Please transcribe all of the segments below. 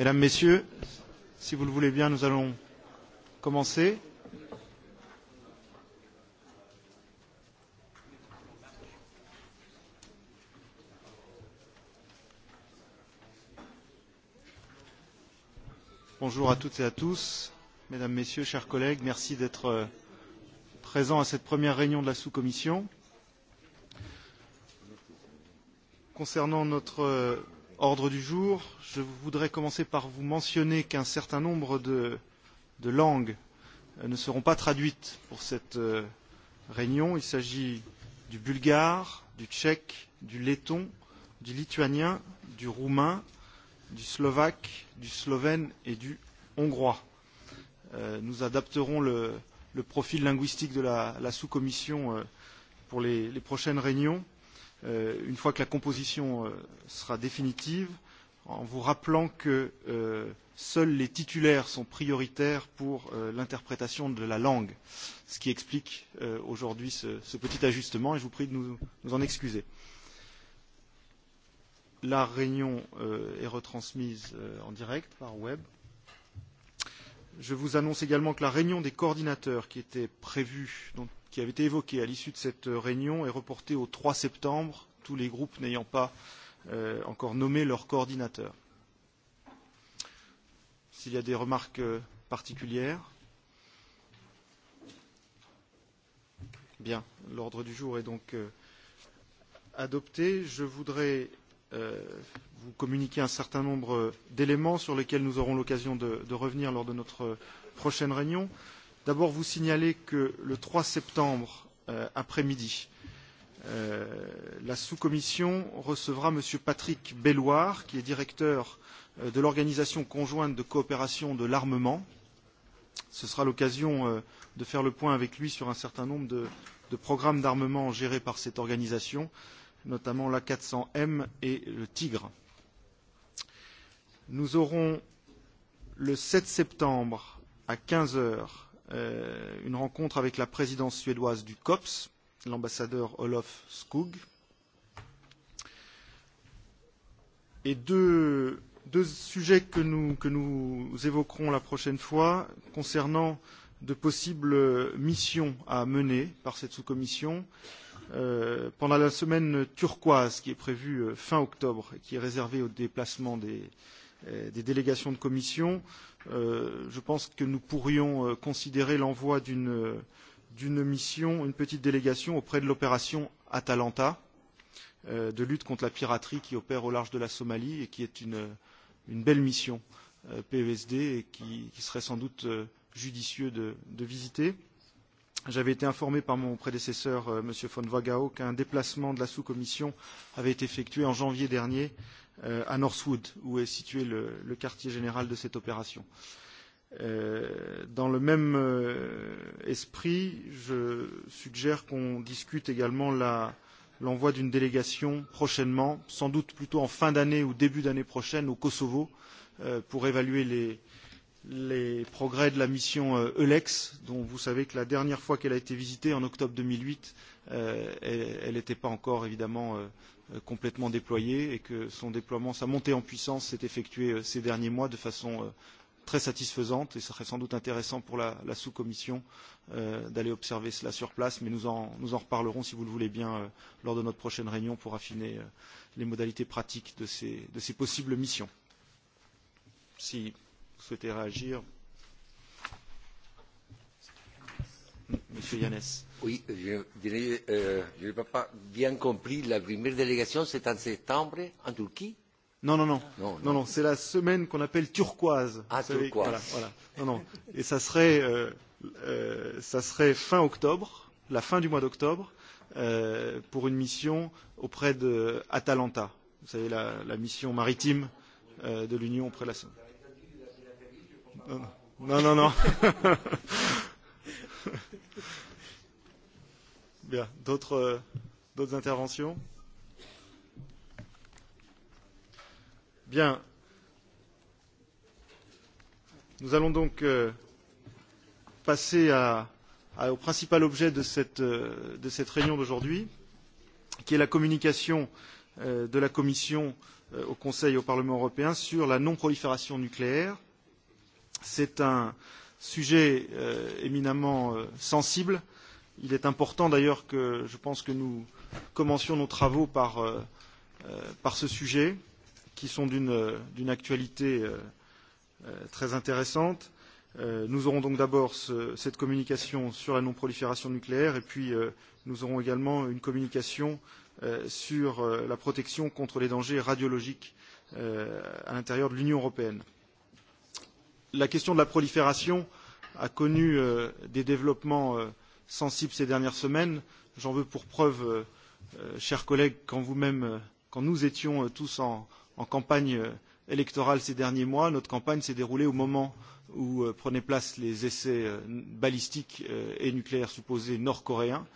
Mesdames, Messieurs, si vous le voulez bien, nous allons commencer. Bonjour à toutes et à tous, Mesdames, Messieurs, chers collègues, merci d'être euh, présents à cette première réunion de la sous-commission. Concernant notre euh, ordre du jour, je voudrais commencer par vous mentionner qu'un certain nombre de, de langues euh, ne seront pas traduites pour cette euh, réunion. Il s'agit du bulgare, du tchèque, du letton, du lituanien, du roumain, du slovaque, du slovène et du hongrois. Euh, nous adapterons le, le profil linguistique de la, la sous-commission euh, pour les, les prochaines réunions euh, une fois que la composition euh, sera définitive, en vous rappelant que euh, seuls les titulaires sont prioritaires pour euh, l'interprétation de la langue, ce qui explique euh, aujourd'hui ce, ce petit ajustement et je vous prie de nous, nous en excuser. La réunion euh, est retransmise euh, en direct par web. Je vous annonce également que la réunion des coordinateurs qui était prévue, donc qui avait été évoqué à l'issue de cette euh, réunion est reporté au 3 septembre, tous les groupes n'ayant pas euh, encore nommé leur coordinateur. S'il y a des remarques euh, particulières. Bien, l'ordre du jour est donc euh, adopté. Je voudrais euh, vous communiquer un certain nombre d'éléments sur lesquels nous aurons l'occasion de, de revenir lors de notre euh, prochaine réunion. Euh, D'abord, vous signaler que le 3 septembre euh, après-midi, euh, la sous-commission recevra M. Patrick Belloir, qui est directeur euh, de l'Organisation conjointe de coopération de l'armement. Ce sera l'occasion euh, de faire le point avec lui sur un certain nombre de, de programmes d'armement gérés par cette organisation, notamment l'A400M et le Tigre. Nous aurons le 7 septembre à 15 heures euh, une rencontre avec la présidence suédoise du COPS, l'ambassadeur Olof Skog, et deux, deux sujets que nous, que nous évoquerons la prochaine fois concernant de possibles missions à mener par cette sous-commission euh, pendant la semaine turquoise qui est prévue euh, fin octobre et qui est réservée au déplacement des, euh, des délégations de commission. Euh, Euh, je pense que nous pourrions euh, considérer l'envoi d'une euh, d'une mission, une petite délégation auprès de l'opération Atalanta euh, de lutte contre la piraterie qui opère au large de la Somalie et qui est une, euh, une belle mission euh, PESD et qui, qui serait sans doute euh, judicieux de, de visiter. J'avais été informé par mon prédécesseur, euh, M. von Wagao, qu'un déplacement de la sous-commission avait été effectué en janvier dernier euh, euh, à Northwood, où est situé le, le quartier général de cette opération. Euh, dans le même euh, esprit, je suggère qu'on discute également l'envoi d'une délégation prochainement, sans doute plutôt en fin d'année ou début d'année prochaine au Kosovo, euh, pour évaluer les, les progrès de la mission euh, Eulex, dont vous savez que la dernière fois qu'elle a été visitée, en octobre 2008, euh, elle n'était pas encore évidemment euh, euh, complètement déployée et que son déploiement, sa montée en puissance s'est effectuée euh, ces derniers mois de façon euh, très satisfaisante et ce serait sans doute intéressant pour la, la sous-commission euh, d'aller observer cela sur place, mais nous en, nous en reparlerons si vous le voulez bien euh, lors de notre prochaine réunion pour affiner euh, les modalités pratiques de ces, de ces possibles missions. Si souhaitez réagir Monsieur Yannès. Oui, je dirais, euh, je n'ai pas bien compris, la première délégation, c'est en septembre, en Turquie Non, non, non. Non, non. non, non c'est la semaine qu'on appelle turquoise. Ah, savez, turquoise. Voilà, voilà. Non, non. Et ça serait, euh, euh, ça serait fin octobre, la fin du mois d'octobre, euh, pour une mission auprès de Atalanta. Vous savez, la, la mission maritime euh, de l'Union auprès de la Somme. Non, non, non. Bien, d'autres d'autres interventions Bien. Nous allons donc euh, passer à, à, au principal objet de cette, euh, de cette réunion d'aujourd'hui, qui est la communication euh, de la Commission au Conseil et au Parlement européen sur la non-prolifération nucléaire. C'est un sujet euh, éminemment euh, sensible. Il est important d'ailleurs que je pense que nous commencions nos travaux par, euh, euh par ce sujet, qui sont d'une euh, actualité euh, euh, très intéressante. Euh, nous aurons donc d'abord ce, cette communication sur la non-prolifération nucléaire et puis euh, nous aurons également une communication euh, sur euh, la protection contre les dangers radiologiques euh, à l'intérieur de l'Union européenne la question de la prolifération a connu euh, des développements euh, sensibles ces dernières semaines. J'en veux pour preuve, euh, euh chers collègues, quand vous-même, euh, quand nous étions euh, tous en, en campagne électorale ces derniers mois, notre campagne s'est déroulée au moment où prenaient place les essais balistiques et nucléaires supposés nord-coréens,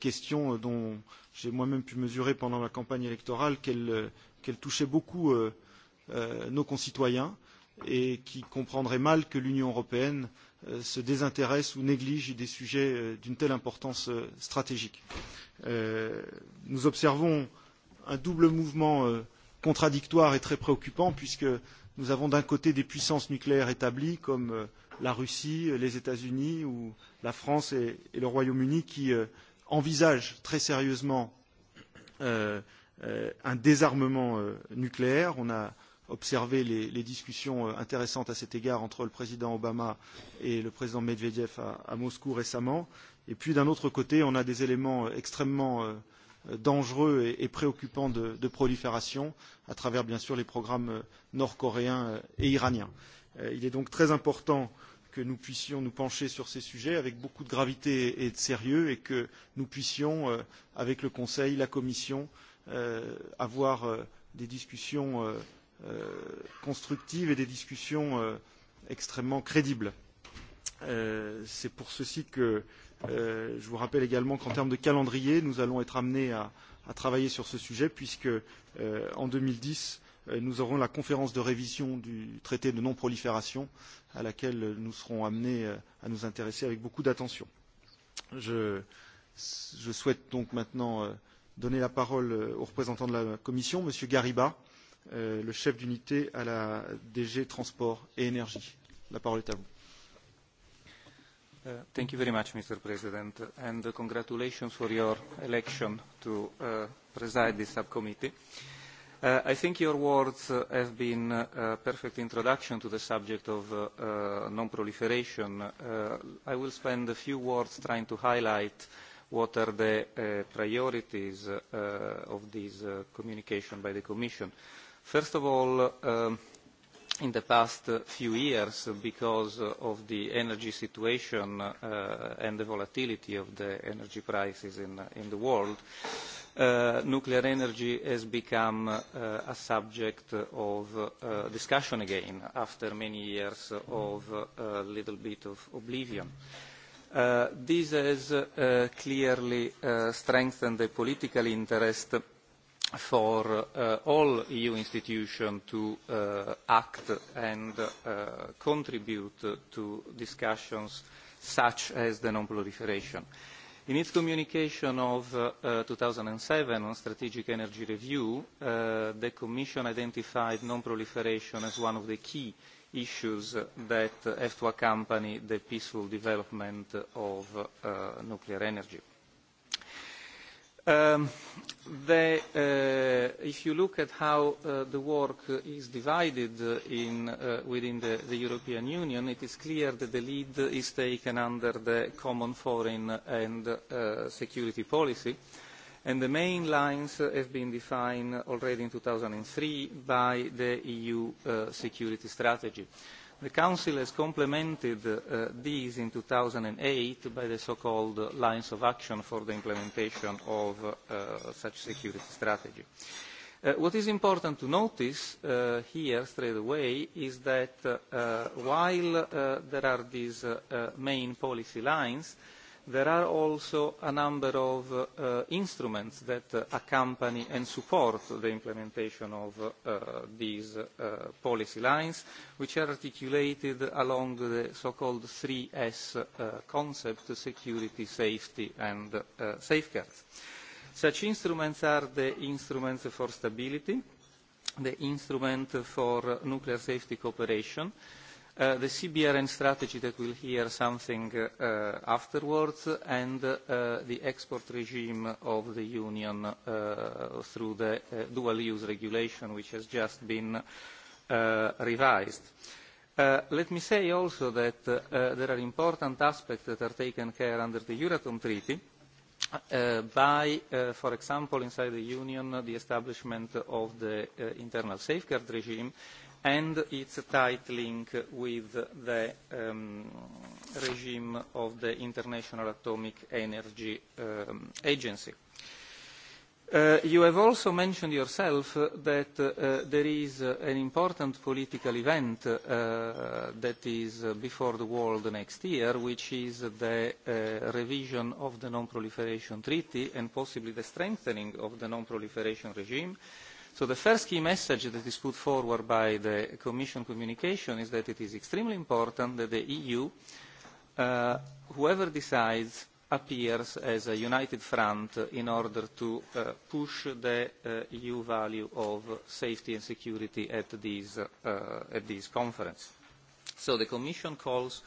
question dont j'ai moi-même pu mesurer pendant la campagne électorale qu'elle qu touchait beaucoup nos concitoyens et qui comprendraient mal que l'Union européenne euh, se désintéresse ou néglige des sujets euh, d'une telle importance euh, stratégique. Nous observons un double mouvement contradictoire et très préoccupant puisque nous avons d'un côté des puissances nucléaires établies comme la Russie, les États-Unis ou la France et, le Royaume-Uni qui envisagent très sérieusement un désarmement nucléaire. On a observé les, les discussions euh, intéressantes à cet égard entre le président Obama et le président Medvedev à, à Moscou récemment. Et puis d'un autre côté, on a des éléments euh, extrêmement euh, dangereux et, et préoccupants de, de prolifération à travers bien sûr les programmes nord-coréens et iraniens. Il est donc très important que nous puissions nous pencher sur ces sujets avec beaucoup de gravité et de sérieux et que nous puissions, avec le Conseil, la Commission, avoir des discussions Euh, constructives et des discussions euh, extrêmement crédibles. Euh, c'est pour ceci que je vous rappelle également qu'en termes de calendrier, nous allons être amenés à, à travailler sur ce sujet puisque euh, en 2010, nous aurons la conférence de révision du traité de non-prolifération à laquelle nous serons amenés à nous intéresser avec beaucoup d'attention. Je, je souhaite donc maintenant donner la parole au représentant de la Commission, M. Gariba, Euh, le chef d'unité à la DG Transport et Énergie. La parole est à vous. Uh, thank you very much, Mr. President, and uh, congratulations for your election to uh, preside this subcommittee. Uh, I think your words uh, have been uh, a perfect introduction to the subject of uh, uh, non-proliferation. Uh, I will spend a few words trying to highlight what are the uh, priorities uh, of this uh, communication by the Commission. Uh, First of all, um, in the past few years, because of the energy situation uh, and the volatility of the energy prices in, in the world, uh, nuclear energy has become uh, a subject of uh, discussion again after many years of a uh, little bit of oblivion. Uh, this has uh, clearly uh, strengthened the political interest for uh, all EU institutions to uh, act and uh, contribute to discussions such as the non-proliferation. In its communication of uh, uh, 2007 on strategic energy review, uh, the Commission identified non-proliferation as one of the key issues that have to accompany the peaceful development of uh, nuclear energy. Um, the, uh, if you look at how uh, the work is divided uh, in, uh, within the, the European Union, it is clear that the lead is taken under the common foreign and uh, security policy. And the main lines have been defined already in 2003 by the EU uh, security strategy. Uh, The Council has complemented uh, these in 2008 by the so-called lines of action for the implementation of uh, such security strategy. Uh, what is important to notice uh, here straight away is that uh, uh while uh, there are these uh, uh, main policy lines, uh, there are also a number of uh, instruments that uh, accompany and support the implementation of uh, these uh, policy lines, which are articulated along the so-called 3S uh, concept, security, safety and uh, safeguards. Such instruments are the instruments for stability, the instrument for nuclear safety cooperation, Uh, the CBRN strategy that we'll hear something uh, uh, afterwards and uh, the export regime of the Union uh, through the uh, dual-use regulation which has just been uh, revised. Uh, let me say also that uh, uh, there are important aspects that are taken care under the Euratom Treaty uh, by, uh, for example, inside the Union, the establishment of the uh, internal safeguard regime and it's tight link with the um, regime of the International Atomic Energy um, Agency. Uh, you have also mentioned yourself that uh, there is uh, an important political event uh, that is uh, before the world next year, which is the uh, revision of the Non-Proliferation Treaty and possibly the strengthening of the non-proliferation regime. Uh, So the first key message that is put forward by the Commission communication is that it is extremely important that the EU, uh, whoever decides, appears as a united front in order to uh, push the uh, EU value of safety and security at this, uh, at this conference. So the Commission calls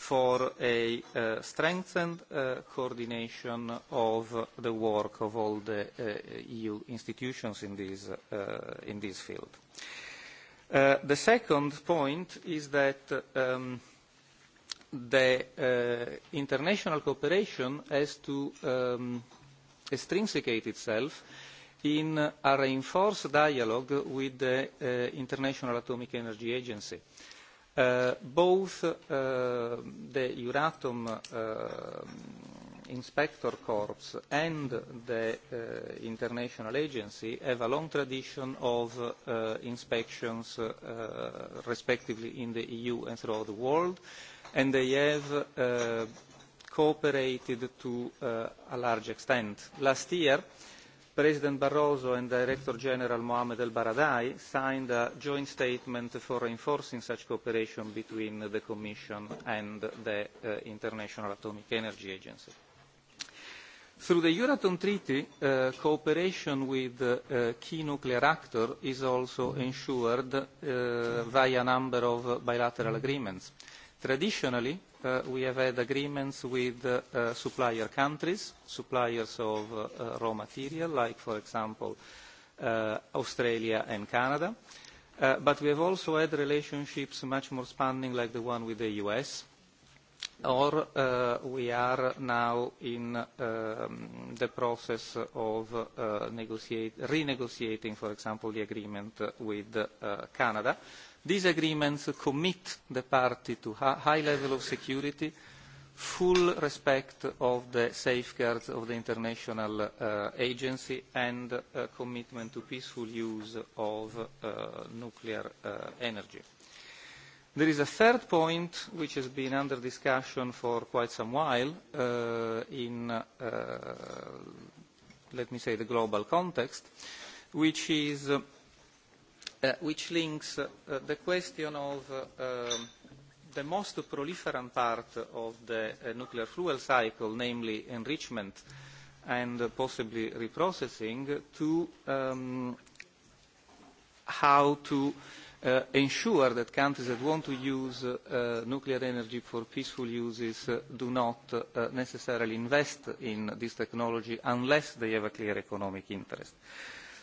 for a uh, strengthened uh, coordination of the work of all the uh, EU institutions in this, uh, in this field. Uh, the second point is that um, the uh, international cooperation has to um, extrinsicate itself in a reinforced dialogue with the uh, International Atomic Energy Agency. Uh, Eh, both uh, the Euratom uh, Inspector Corps and the uh, International Agency have a long tradition of uh, inspections, uh, respectively, in the EU and throughout the world, and they have uh, cooperated to uh, a large extent. Last year, uh, President Barroso and Director General Mohamed El Baradai signed a joint statement for reinforcing such cooperation between the Commission and the uh, International Atomic Energy Agency. Through the Euratom Treaty, uh, cooperation with uh, key nuclear actors is also ensured uh, via a number of bilateral agreements. Traditionally, uh, we have had agreements with uh, supplier countries, suppliers of uh, uh, raw material, like, for example, uh, Australia and Canada. Uh, but we have also had relationships much more spanning, like the one with the US, or uh, we are now in um, the process of uh, renegotiating, for example, the agreement with uh, Canada These agreements commit the party to a high level of security, full respect of the safeguards of the international uh, agency and a commitment to peaceful use of uh, nuclear uh, energy. There is a third point which has been under discussion for quite some while uh, in, uh, let me say, the global context, which is uh, uh, which links uh, the question of uh, um, the most proliferant part of the uh, nuclear fuel cycle, namely enrichment and uh, possibly reprocessing, to um, how to uh, ensure that countries that want to use uh, nuclear energy for peaceful uses uh, do not uh, necessarily invest in this technology unless they have a clear economic interest. Uh,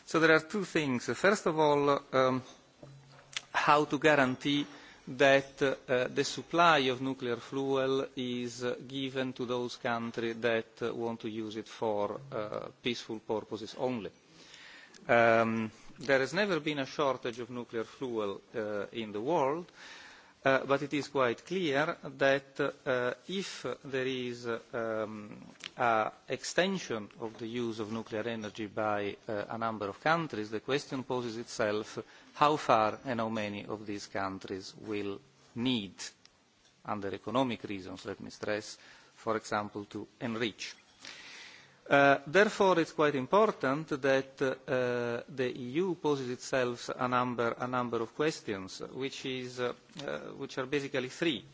So there are two things. First of all, um, how to guarantee that uh, the supply of nuclear fuel is uh, given to those countries that uh, want to use it for uh, peaceful purposes only. Um, there has never been a shortage of nuclear fuel uh, in the world. Uh, Uh, but it is quite clear that uh, if there is um, an extension of the use of nuclear energy by uh, a number of countries, the question poses itself how far and how many of these countries will need, under economic reasons, let me stress, for example, to enrich Uh, therefore, it is quite important that uh, the EU poses itself a number, a number of questions, which, is, uh, uh, which are basically three.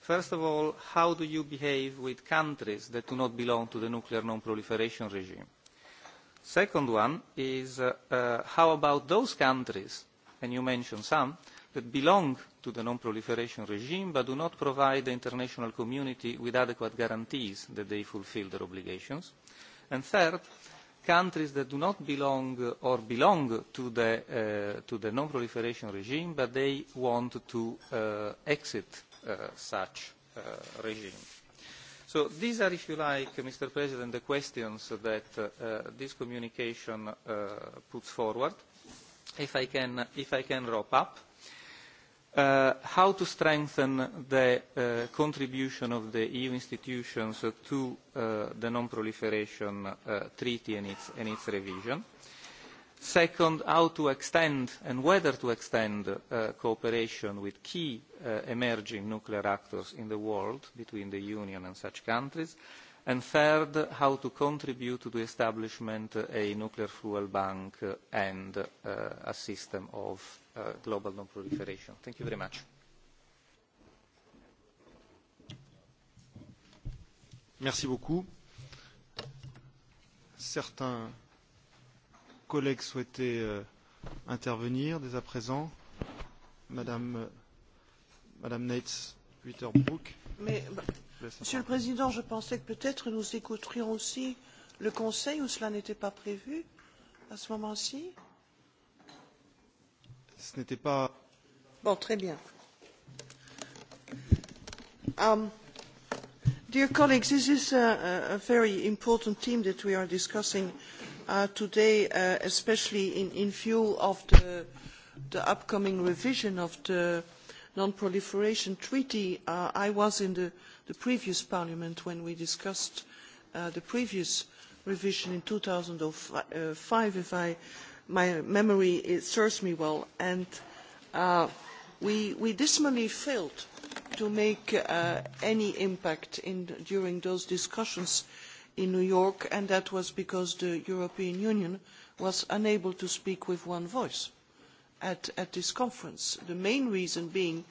First of all, how do you behave with countries that do not belong to the nuclear non-proliferation regime? Second one is, uh, how about those countries, and you mentioned some, that belong to the non-proliferation regime but do not provide the international community with adequate guarantees that they fulfil their obligations? And third, countries that do not belong or belong to the, uh, to the non-proliferation regime, but they want to uh, exit uh, such uh, regime. So these are, if you like, Mr. President, the questions that uh, this communication uh, puts forward. If I, can, if I can wrap up, Uh, how to strengthen the uh, contribution of the EU institutions to uh, the non-proliferation uh, treaty and its, and its revision. Second, how to extend and whether to extend uh, cooperation with key uh, emerging nuclear actors in the world between the Union and such countries. And third, how to contribute to the establishment of uh, a nuclear fuel bank uh, and uh, a system of uh, global non-proliferation. Thank you very much. Merci beaucoup. Certains collègues souhaitaient euh, intervenir dès à présent. Madame, euh, Madame Nates, Witterbrook. Mais, bah, Monsieur le Président, je pensais que peut-être nous écouterions aussi le Conseil où cela n'était pas prévu à ce moment-ci. Euh, ce n'était pas. Bon, très bien. Um, dear colleagues, this is a, a very important theme that we are discussing uh, today, uh, especially in, in view of the, the upcoming revision of the non-proliferation treaty. Uh, I was in the, the previous parliament when we discussed uh, the previous revision in 2005, if I my memory it serves me well, and uh, we, we dismally failed to make uh, any impact in, during those discussions in New York, and that was because the European Union was unable to speak with one voice at, at this conference. The main reason being,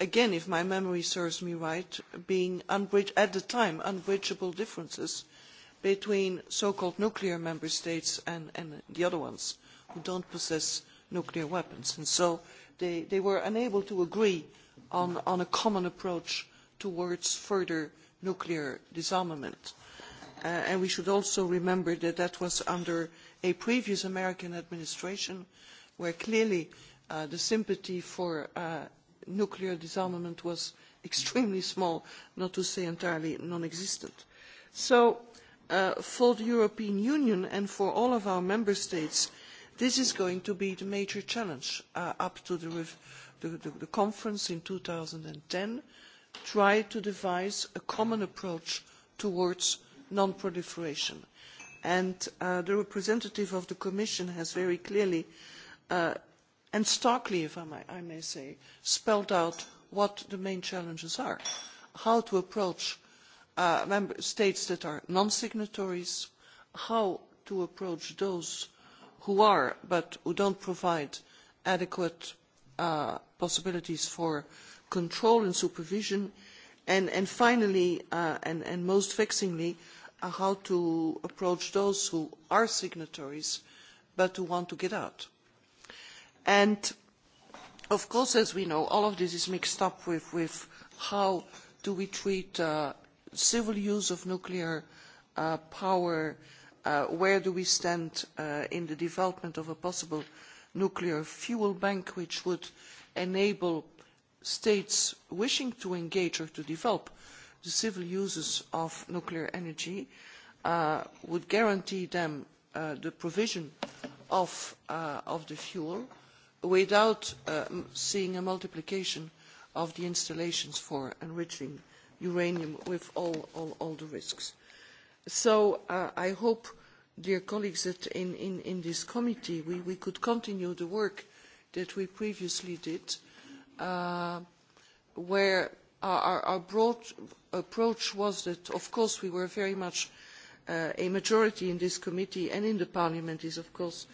again, if my memory serves me right, being at the time unbridgeable differences between so-called nuclear member states and, and the other ones who don't possess nuclear weapons. And so they, they were unable to agree on, on a common approach towards further nuclear disarmament. Uh, and we should also remember that that was under a previous American administration where clearly uh, the sympathy for uh, nuclear disarmament was extremely small, not to say entirely non-existent. So uh, for the European Union and for all of our member states, This is going to be the major challenge uh, up to the, the, the, the conference in 2010, try to devise a common approach towards non-proliferation. And uh, the representative of the Commission has very clearly uh, and starkly, if I may, I may say, spelled out what the main challenges are, how to approach uh, member states that are non-signatories, how to approach those who are but who don't provide adequate uh, possibilities for control and supervision and, and finally uh, and, and most vexingly uh, how to approach those who are signatories but who want to get out and of course as we know all of this is mixed up with, with how do we treat uh, civil use of nuclear uh, power Uh, where do we stand uh, in the development of a possible nuclear fuel bank which would enable states wishing to engage or to develop the civil uses of nuclear energy uh, would guarantee them uh, the provision of, uh, of, the fuel without seeing a multiplication of the installations for enriching uranium with all, all, all the risks. So uh, I hope, dear colleagues, that in, in, in this committee we, we could continue the work that we previously did, uh, where our, our broad approach was that, of course, we were very much uh, a majority in this committee and in the parliament is, of course,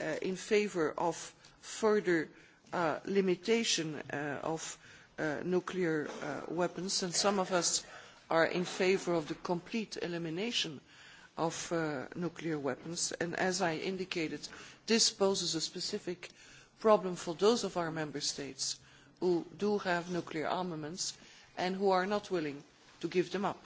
uh, in favour of further uh, limitation uh, of uh, nuclear uh, weapons, and some of us are in favour of the complete elimination of uh, nuclear weapons. And as I indicated, this poses a specific problem for those of our member states who do have nuclear armaments and who are not willing to give them up.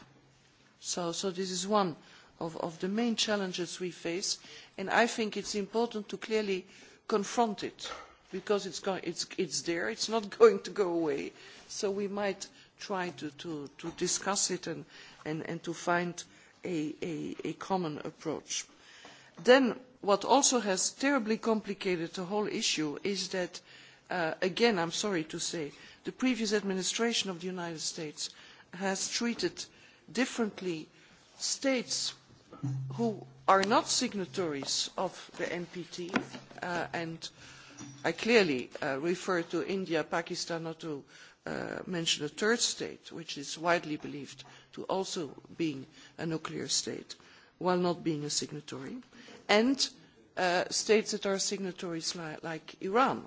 So, so this is one of, of the main challenges we face, and I think it's important to clearly confront it because it's, go it's, it's there, it's not going to go away, so we might try to, to, to discuss it and, and, and to find a, a, a common approach. Then what also has terribly complicated the whole issue is that, uh, again, I'm sorry to say, the previous administration of the United States has treated differently states who are not signatories of the NPT, uh, and I clearly uh, refer to India, Pakistan, not to Uh, mention a third state, which is widely believed to also being a nuclear state, while not being a signatory, and uh, states that are signatories li like Iran.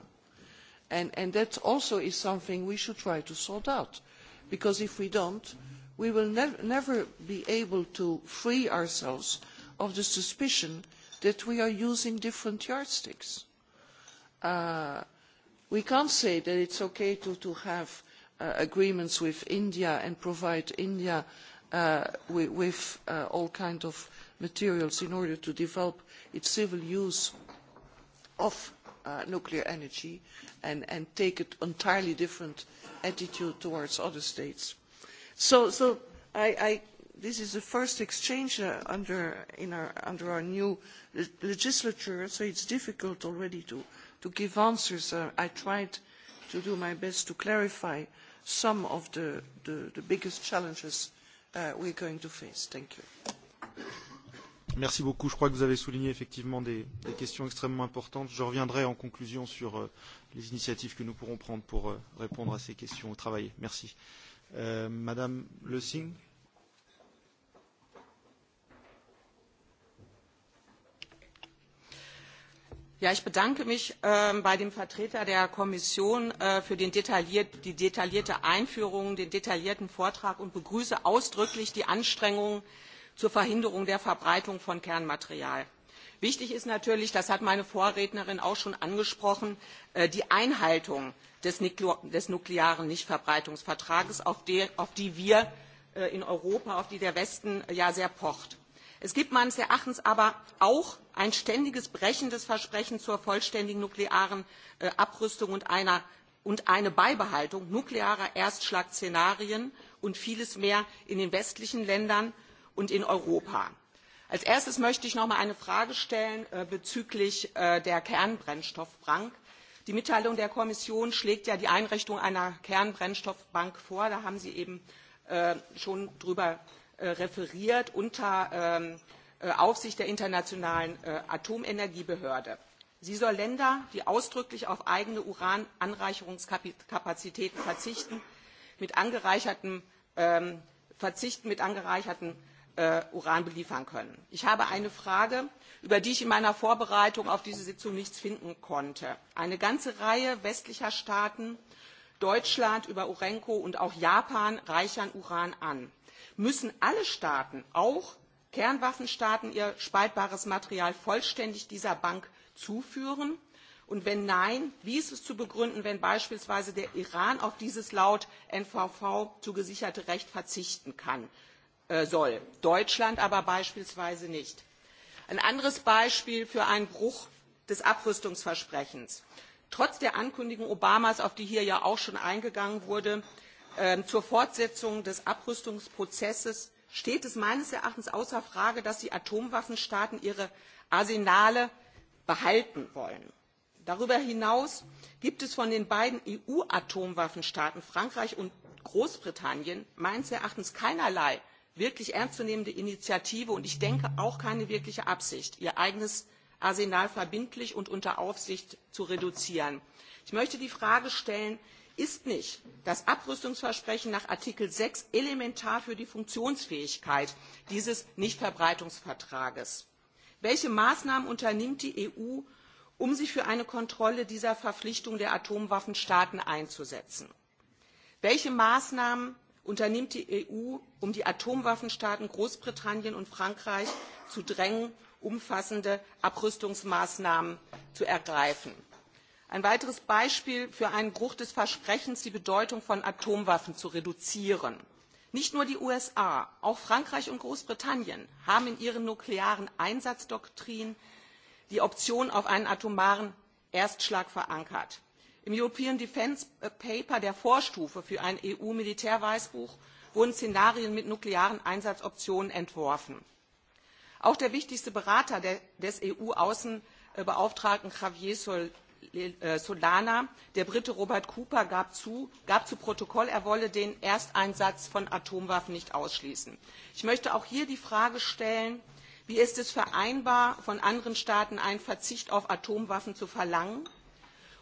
And, and that also is something we should try to sort out, because if we don't, we will ne never be able to free ourselves of the suspicion that we are using different yardsticks. Uh, we can't say that it's okay to, to have uh, agreements with India and provide India uh, with, uh, all kinds of materials in order to develop its civil use of uh, nuclear energy and, and take an entirely different attitude towards other states. So, so I, I, this is the first exchange uh, under, in our, under our new legislature, so it's difficult already to, to give answers. Uh, I tried to do my best to clarify uh, some of the, the, the biggest challenges uh, we're going to face. Thank you. Merci beaucoup. Je crois que vous avez souligné effectivement des, des questions extrêmement importantes. Je reviendrai en conclusion sur euh, les initiatives que nous pourrons prendre pour euh, répondre à ces questions au travail. Merci. Euh, Madame Le Singh Ja, ich bedanke mich äh, bei dem Vertreter der Kommission äh, für detailliert, die detaillierte Einführung, den detaillierten Vortrag und begrüße ausdrücklich die Anstrengungen zur Verhinderung der Verbreitung von Kernmaterial. Wichtig ist natürlich, das hat meine Vorrednerin auch schon angesprochen, äh, die Einhaltung des, des nuklearen Nichtverbreitungsvertrages, auf, der, auf die wir äh, in Europa, auf die der Westen äh, ja sehr pocht. Es gibt meines Erachtens aber auch ein ständiges Brechen des Versprechens zur vollständigen nuklearen äh, Abrüstung und, einer, und eine Beibehaltung nuklearer Erstschlagszenarien und vieles mehr in den westlichen Ländern und in Europa. Als erstes möchte ich noch einmal eine Frage stellen äh, bezüglich äh, der Kernbrennstoffbank. Die Mitteilung der Kommission schlägt ja die Einrichtung einer Kernbrennstoffbank vor. Da haben Sie eben äh, schon drüber Äh, referiert unter ähm, äh, Aufsicht der Internationalen äh, Atomenergiebehörde. Sie soll Länder, die ausdrücklich auf eigene Urananreicherungskapazitäten verzichten, mit angereichertem, ähm, verzichten, mit angereichertem äh, Uran beliefern können. Ich habe eine Frage, über die ich in meiner Vorbereitung auf diese Sitzung nichts finden konnte. Eine ganze Reihe westlicher Staaten, Deutschland über Urenco und auch Japan reichern Uran an müssen alle Staaten, auch Kernwaffenstaaten, ihr spaltbares Material vollständig dieser Bank zuführen? Und wenn nein, wie ist es zu begründen, wenn beispielsweise der Iran auf dieses laut NVV zugesicherte Recht verzichten kann, äh, soll? Deutschland aber beispielsweise nicht. Ein anderes Beispiel für einen Bruch des Abrüstungsversprechens. Trotz der Ankündigung Obamas, auf die hier ja auch schon eingegangen wurde, Ähm, zur Fortsetzung des Abrüstungsprozesses steht es meines Erachtens außer Frage, dass die Atomwaffenstaaten ihre Arsenale behalten wollen. Darüber hinaus gibt es von den beiden EU-Atomwaffenstaaten Frankreich und Großbritannien meines Erachtens keinerlei wirklich ernstzunehmende Initiative und ich denke auch keine wirkliche Absicht, ihr eigenes Arsenal verbindlich und unter Aufsicht zu reduzieren. Ich möchte die Frage stellen, ist nicht das Abrüstungsversprechen nach Artikel sechs elementar für die Funktionsfähigkeit dieses Nichtverbreitungsvertrages. Welche Maßnahmen unternimmt die EU, um sich für eine Kontrolle dieser Verpflichtung der Atomwaffenstaaten einzusetzen? Welche Maßnahmen unternimmt die EU, um die Atomwaffenstaaten Großbritannien und Frankreich zu drängen, umfassende Abrüstungsmaßnahmen zu ergreifen? Ein weiteres Beispiel für einen Bruch des Versprechens, die Bedeutung von Atomwaffen zu reduzieren. Nicht nur die USA, auch Frankreich und Großbritannien haben in ihren nuklearen Einsatzdoktrinen die Option auf einen atomaren Erstschlag verankert. Im European Defence Paper, der Vorstufe für ein EU-Militärweißbuch, wurden Szenarien mit nuklearen Einsatzoptionen entworfen. Auch der wichtigste Berater des EU-Außenbeauftragten Javier Äh, Solana, der Brite Robert Cooper, gab zu, gab zu Protokoll, er wolle den Ersteinsatz von Atomwaffen nicht ausschließen. Ich möchte auch hier die Frage stellen, wie ist es vereinbar, von anderen Staaten einen Verzicht auf Atomwaffen zu verlangen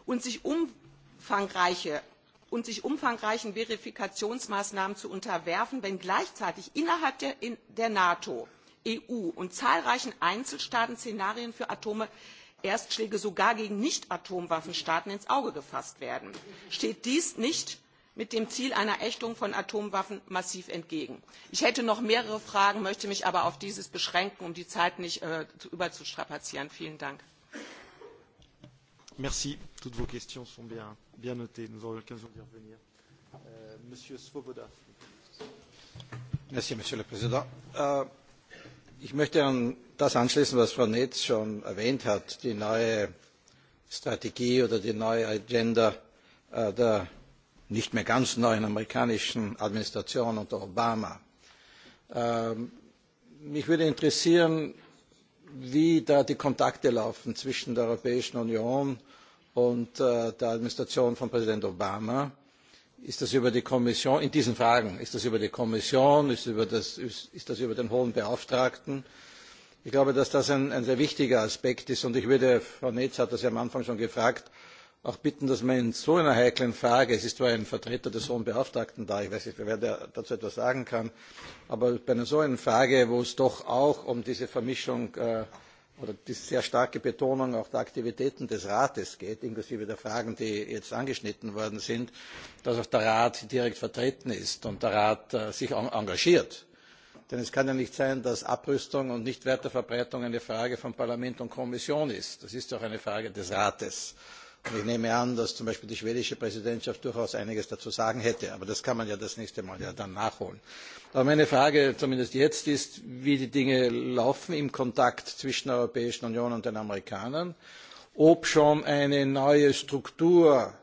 und sich, umfangreiche, und sich umfangreichen Verifikationsmaßnahmen zu unterwerfen, wenn gleichzeitig innerhalb der, in der NATO, EU und zahlreichen Einzelstaaten Szenarien für Atome Erstschläge sogar gegen Nicht-Atomwaffenstaaten ins Auge gefasst werden. Steht dies nicht mit dem Ziel einer Ächtung von Atomwaffen massiv entgegen. Ich hätte noch mehrere Fragen, möchte mich aber auf dieses beschränken, um die Zeit nicht äh, zu, überzustrapazieren. Vielen Dank. Merci. Toutes vos questions sont bien, bien notées. Nous aurons l'occasion d'y revenir. Euh, Monsieur Svoboda. Merci, Monsieur le Président. Euh, Ich möchte an das anschließen, was Frau Netz schon erwähnt hat, die neue Strategie oder die neue Agenda äh, der nicht mehr ganz neuen amerikanischen Administration unter Obama. Ähm, mich würde interessieren, wie da die Kontakte laufen zwischen der Europäischen Union und äh, der Administration von Präsident Obama. Ist das über die Kommission, in diesen Fragen, ist das über die Kommission, ist, über das, ist, ist das über den hohen Beauftragten? Ich glaube, dass das ein, ein sehr wichtiger Aspekt ist und ich würde, Frau Netz hat das ja am Anfang schon gefragt, auch bitten, dass man in so einer heiklen Frage, es ist zwar ein Vertreter des Hohen Beauftragten da, ich weiß nicht, wer dazu etwas sagen kann, aber bei einer so einer Frage, wo es doch auch um diese Vermischung äh, oder die sehr starke Betonung auch der Aktivitäten des Rates geht, inklusive der Fragen, die jetzt angeschnitten worden sind, dass auch der Rat direkt vertreten ist und der Rat äh, sich engagiert. Denn es kann ja nicht sein, dass Abrüstung und Nichtweiterverbreitung eine Frage von Parlament und Kommission ist. Das ist doch eine Frage des Rates. Ich nehme an, dass zum Beispiel die schwedische Präsidentschaft durchaus einiges dazu sagen hätte, aber das kann man ja das nächste Mal ja dann nachholen. Aber meine Frage zumindest jetzt ist, wie die Dinge laufen im Kontakt zwischen der Europäischen Union und den Amerikanern, ob schon eine neue Struktur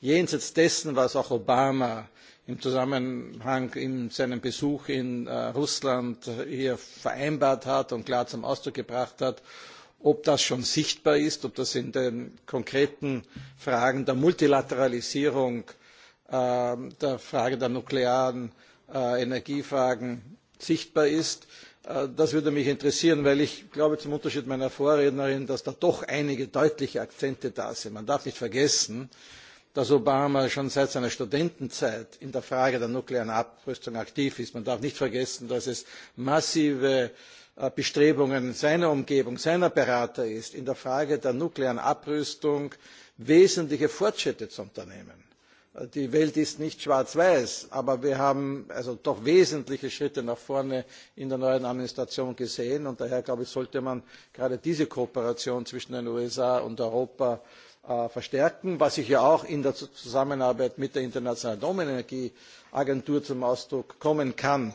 jenseits dessen, was auch Obama im Zusammenhang in seinem Besuch in äh, Russland hier vereinbart hat und klar zum Ausdruck gebracht hat, Ob das schon sichtbar ist, ob das in den konkreten Fragen der Multilateralisierung, äh, der Frage der nuklearen äh, Energiefragen sichtbar ist, äh, das würde mich interessieren, weil ich glaube zum Unterschied meiner Vorrednerin, dass da doch einige deutliche Akzente da sind. Man darf nicht vergessen, dass Obama schon seit seiner Studentenzeit in der Frage der nuklearen Abrüstung aktiv ist. Man darf nicht vergessen, dass es massive Äh, Bestrebungen seiner Umgebung, seiner Berater ist, in der Frage der nuklearen Abrüstung wesentliche Fortschritte zu unternehmen. Äh, die Welt ist nicht schwarz-weiß, aber wir haben also doch wesentliche Schritte nach vorne in der neuen Administration gesehen und daher glaube ich, sollte man gerade diese Kooperation zwischen den USA und Europa äh, verstärken, was ich ja auch in der Zusammenarbeit mit der Internationalen Atomenergieagentur zum Ausdruck kommen kann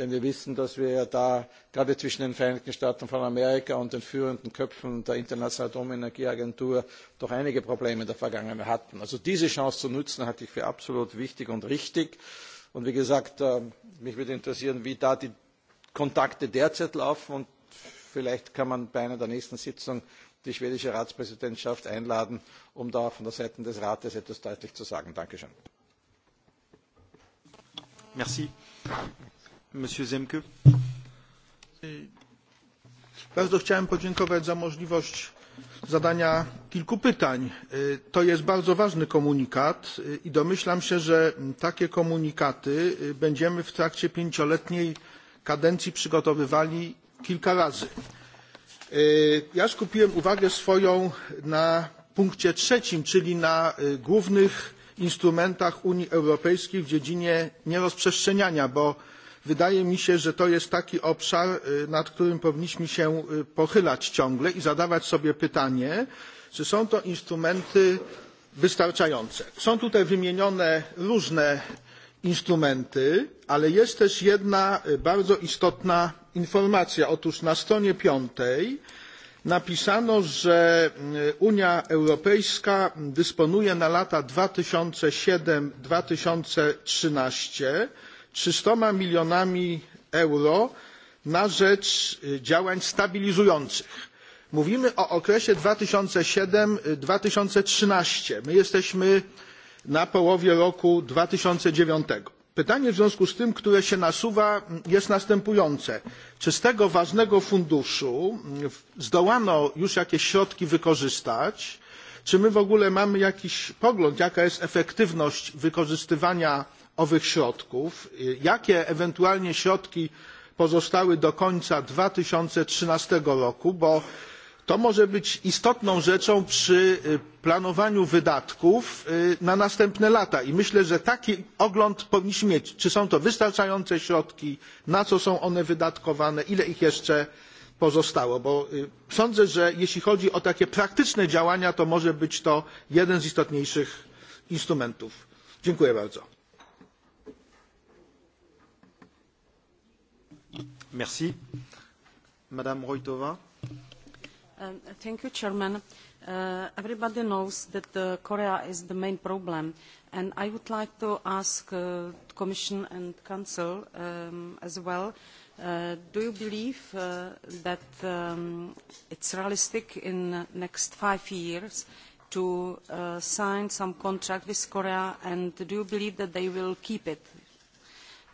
denn wir wissen, dass wir ja da gerade zwischen den Vereinigten Staaten von Amerika und den führenden Köpfen der Internationalen Atomenergieagentur doch einige Probleme in der Vergangenheit hatten. Also diese Chance zu nutzen, halte ich für absolut wichtig und richtig. Und wie gesagt, äh, mich würde interessieren, wie da die Kontakte derzeit laufen und vielleicht kann man bei einer der nächsten Sitzungen die schwedische Ratspräsidentschaft einladen, um da von der Seite des Rates etwas deutlich zu sagen. Dankeschön. Merci. Monsieur Zemke. E, bardzo chciałem podziękować za możliwość zadania kilku pytań. E, to jest bardzo ważny komunikat e, i domyślam się, że takie komunikaty będziemy w trakcie pięcioletniej kadencji przygotowywali kilka razy. Ja skupiłem uwagę swoją na punkcie trzecim, czyli na głównych instrumentach Unii Europejskiej w dziedzinie nierozprzestrzeniania, bo Wydaje mi się, że to jest taki obszar, nad którym powinniśmy się pochylać ciągle i zadawać sobie pytanie, czy są to instrumenty wystarczające. Są tutaj wymienione różne instrumenty, ale jest też jedna bardzo istotna informacja. Otóż na stronie piątej napisano, że Unia Europejska dysponuje na lata dwa tysiące siedem 2007-2013 300 milionami euro na rzecz działań stabilizujących. Mówimy o okresie 2007-2013. My jesteśmy na połowie roku 2009. Pytanie w związku z tym, które się nasuwa, mm, jest następujące. Czy z tego ważnego funduszu mm, zdołano już jakieś środki wykorzystać? Czy my w ogóle mamy jakiś pogląd, jaka jest efektywność wykorzystywania owych środków, jakie ewentualnie środki pozostały do końca dwa tysiące 2013 roku, bo to może być istotną rzeczą przy planowaniu wydatków na następne lata i myślę, że taki ogląd powinniśmy mieć, czy są to wystarczające środki, na co są one wydatkowane, ile ich jeszcze pozostało, bo sądzę, że jeśli chodzi o takie praktyczne działania, to może być to jeden z istotniejszych instrumentów. Dziękuję bardzo. Merci. Madame Roitova. Um, thank you, Chairman. Uh, everybody knows that uh, Korea is the main problem, and I would like to ask uh, Commission and Council um, as well, uh, do you believe uh, that um, it's realistic in the next five years to uh, sign some contract with Korea, and do you believe that they will keep it,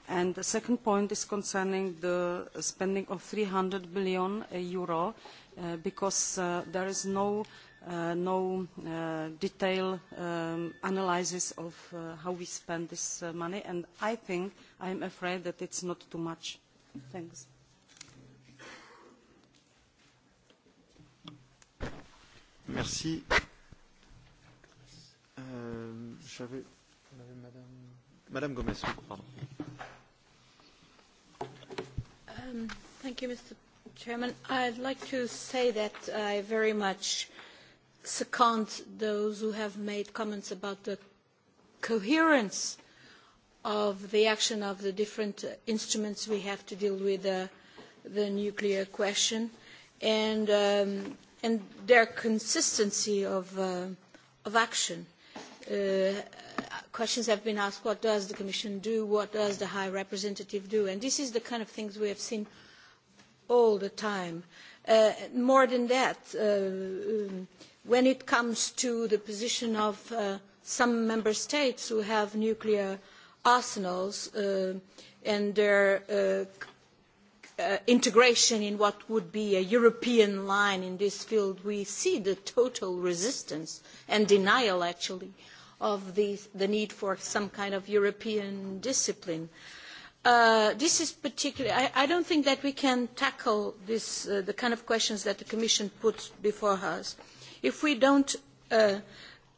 And the second point is concerning the spending of 300 billion uh, euro uh, because uh, there is no, uh, no uh, detailed um, analysis of uh, how we spend this uh, money and I think I'm afraid that it's not too much. Thanks. Merci. Euh, J'avais... Madame... Madame Gomez, pardon. Um, thank you, Mr. Chairman. I'd like to say that I very much second those who have made comments about the coherence of the action of the different instruments we have to deal with the, the nuclear question and, um, and their consistency of, uh, of action. Uh, questions have been asked, what does the Commission do, what does the High Representative do? And this is the kind of things we have seen all the time. Uh, more than that, uh, um, when it comes to the position of uh, some member states who have nuclear arsenals uh, and their uh, uh, integration in what would be a European line in this field, we see the total resistance and denial, actually, uh, of the, the need for some kind of European discipline. Uh, this is particularly, I, I don't think that we can tackle this, uh, the kind of questions that the Commission puts before us if we don't uh,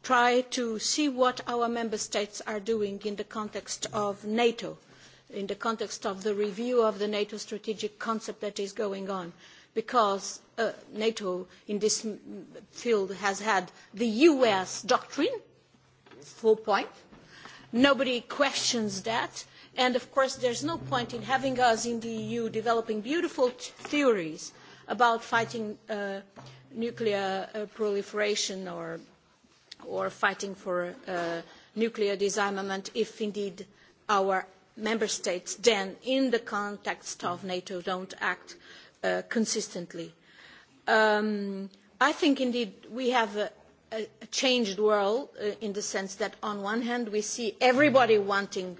try to see what our member states are doing in the context of NATO, in the context of the review of the NATO strategic concept that is going on, because uh, NATO in this field has had the US doctrine, full point. Nobody questions that. And of course, there is no point in having us in the EU developing beautiful theories about fighting uh, nuclear uh, proliferation or, or fighting for uh, nuclear disarmament if indeed our member states then in the context of NATO don't act uh, consistently. Um, I think indeed we have a, a, changed world uh, in the sense that on one hand we see everybody wanting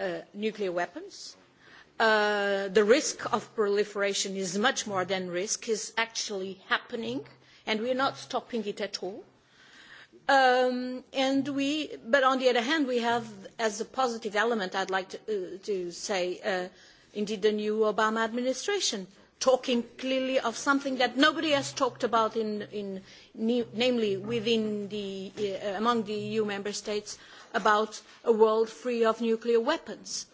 uh, nuclear weapons. Uh, the risk of proliferation is much more than risk, is actually happening, and we are not stopping it at all. Um, and we, but on the other hand, we have, as a positive element, I'd like to, uh, to say, uh, indeed the new Obama administration, uh, talking clearly of something that nobody has talked about, in, in, namely within the, uh, among the EU member states, about a world free of nuclear weapons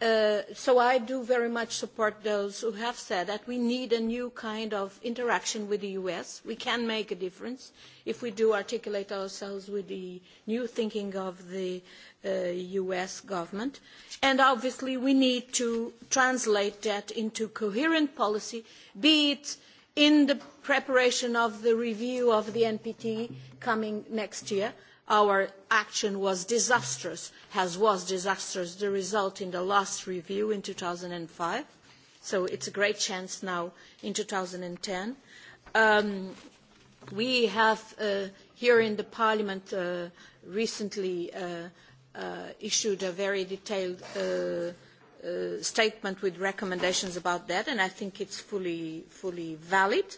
Uh, so I do very much support those who have said that we need a new kind of interaction with the US. We can make a difference if we do articulate ourselves with the new thinking of the uh, US government. And obviously we need to translate that into coherent policy, be it in the preparation of the review of the NPT coming next year, our action was disastrous, has was disastrous, the result in the last review in two thousand five. So it is a great chance now in 2010. Um, we have uh, here in the Parliament uh, recently uh, uh issued a very detailed uh, uh, statement with recommendations about that, and I think it is fully, fully valid.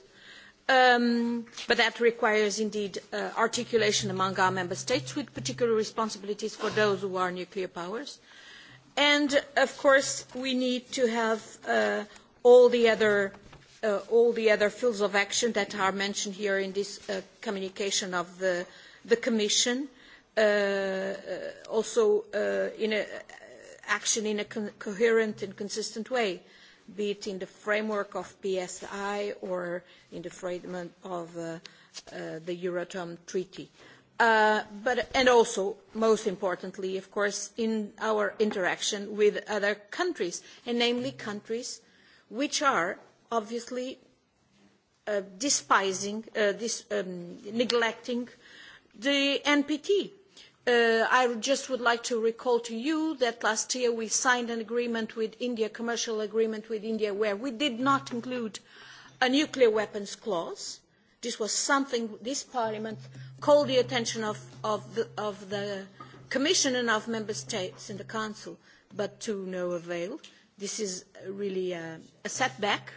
Um, but that requires indeed uh, articulation among our member states with particular responsibilities for those who are nuclear powers. And of course we need to have uh, all, the other, uh, all the other fields of action that are mentioned here in this uh, communication of the, the Commission, uh, uh, also in a, action in a co coherent and consistent way be it in the framework of PSI or in the framework of uh, uh, the Euratom Treaty. Uh, but, and also, most importantly, of course, in our interaction with other countries, and namely countries which are obviously uh, despising, uh, dis, um, neglecting the NPT Uh, I just would like to recall to you that last year we signed an agreement with India, commercial agreement with India, where we did not include a nuclear weapons clause. This was something this Parliament called the attention of, of, the, of the Commission and of Member States in the Council, but to no avail. This is really a, a setback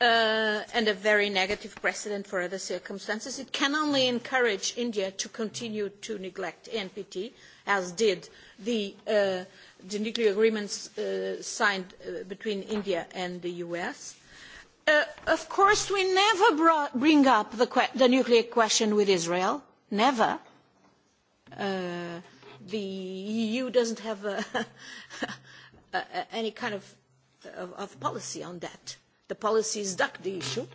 uh, and a very negative precedent for other circumstances. It can only encourage India to continue to neglect NPT, as did the, uh, the nuclear agreements uh, signed uh, between India and the US. Uh, of course, we never brought, bring up the, que the nuclear question with Israel. Never. Uh, the EU doesn't have a, a, a, any kind of, of, of policy on that the policies duck the issue.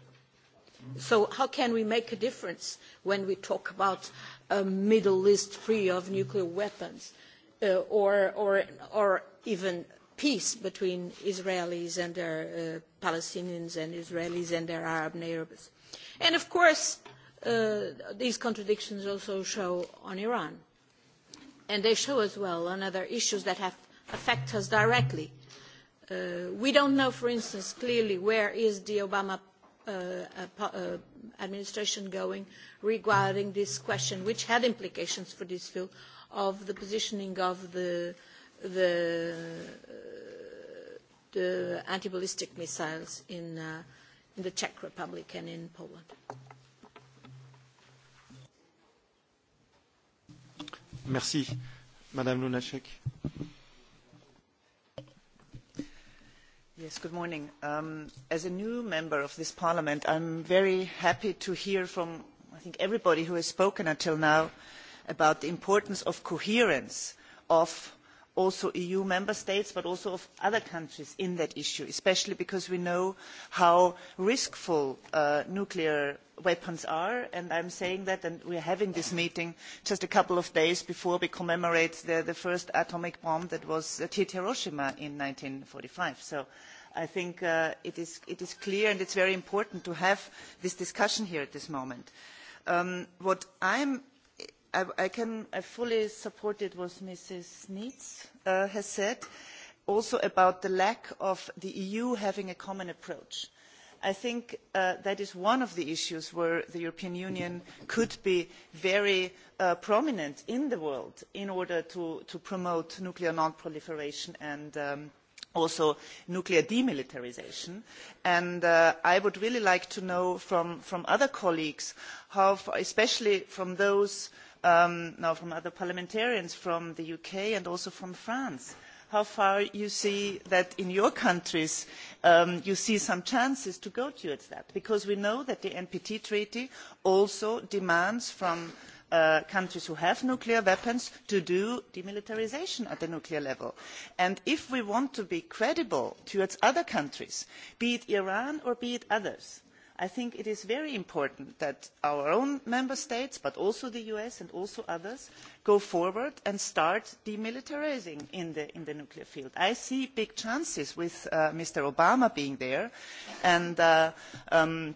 So how can we make a difference when we talk about a Middle East free of nuclear weapons uh, or, or, or even peace between Israelis and their uh, Palestinians and Israelis and their Arab neighbors? And of course, uh, these contradictions also show on Iran. And they show as well on other issues that have affect us directly Uh, we don't know, for instance, clearly where is the Obama uh, uh, uh, administration going regarding this question, which had implications for this field of the positioning of the, the, uh, the anti-ballistic missiles in, uh, in the Czech Republic and in Poland. Merci, Madame Lunacek. Yes, good morning. Um, as a new member of this parliament, I'm very happy to hear from, I think, everybody who has spoken until now about the importance of coherence of also EU member states but also of other countries in that issue, especially because we know how riskful uh, nuclear weapons are and I am saying that and we are having this meeting just a couple of days before we commemorate the, the first atomic bomb that was at Hiroshima in forty five. So I think uh, it, is, it is clear and it is very important to have this discussion here at this moment. Um, what I am I, I can I fully support it what Mrs. Neitz uh, has said, also about the lack of the EU having a common approach. I think uh, that is one of the issues where the European Union could be very uh, prominent in the world in order to, to promote nuclear non-proliferation and um, also nuclear demilitarisation, And uh, I would really like to know from, from other colleagues, how, especially from those um, now from other parliamentarians from the UK and also from France, how far you see that in your countries um, you see some chances to go towards that. Because we know that the NPT treaty also demands from uh, countries who have nuclear weapons to do demilitarisation at the nuclear level. And if we want to be credible towards other countries, be it Iran or be it others, I think it is very important that our own member states, but also the US and also others, go forward and start demilitarising in the, in the nuclear field. I see big chances with uh, Mr. Obama being there, and uh, um,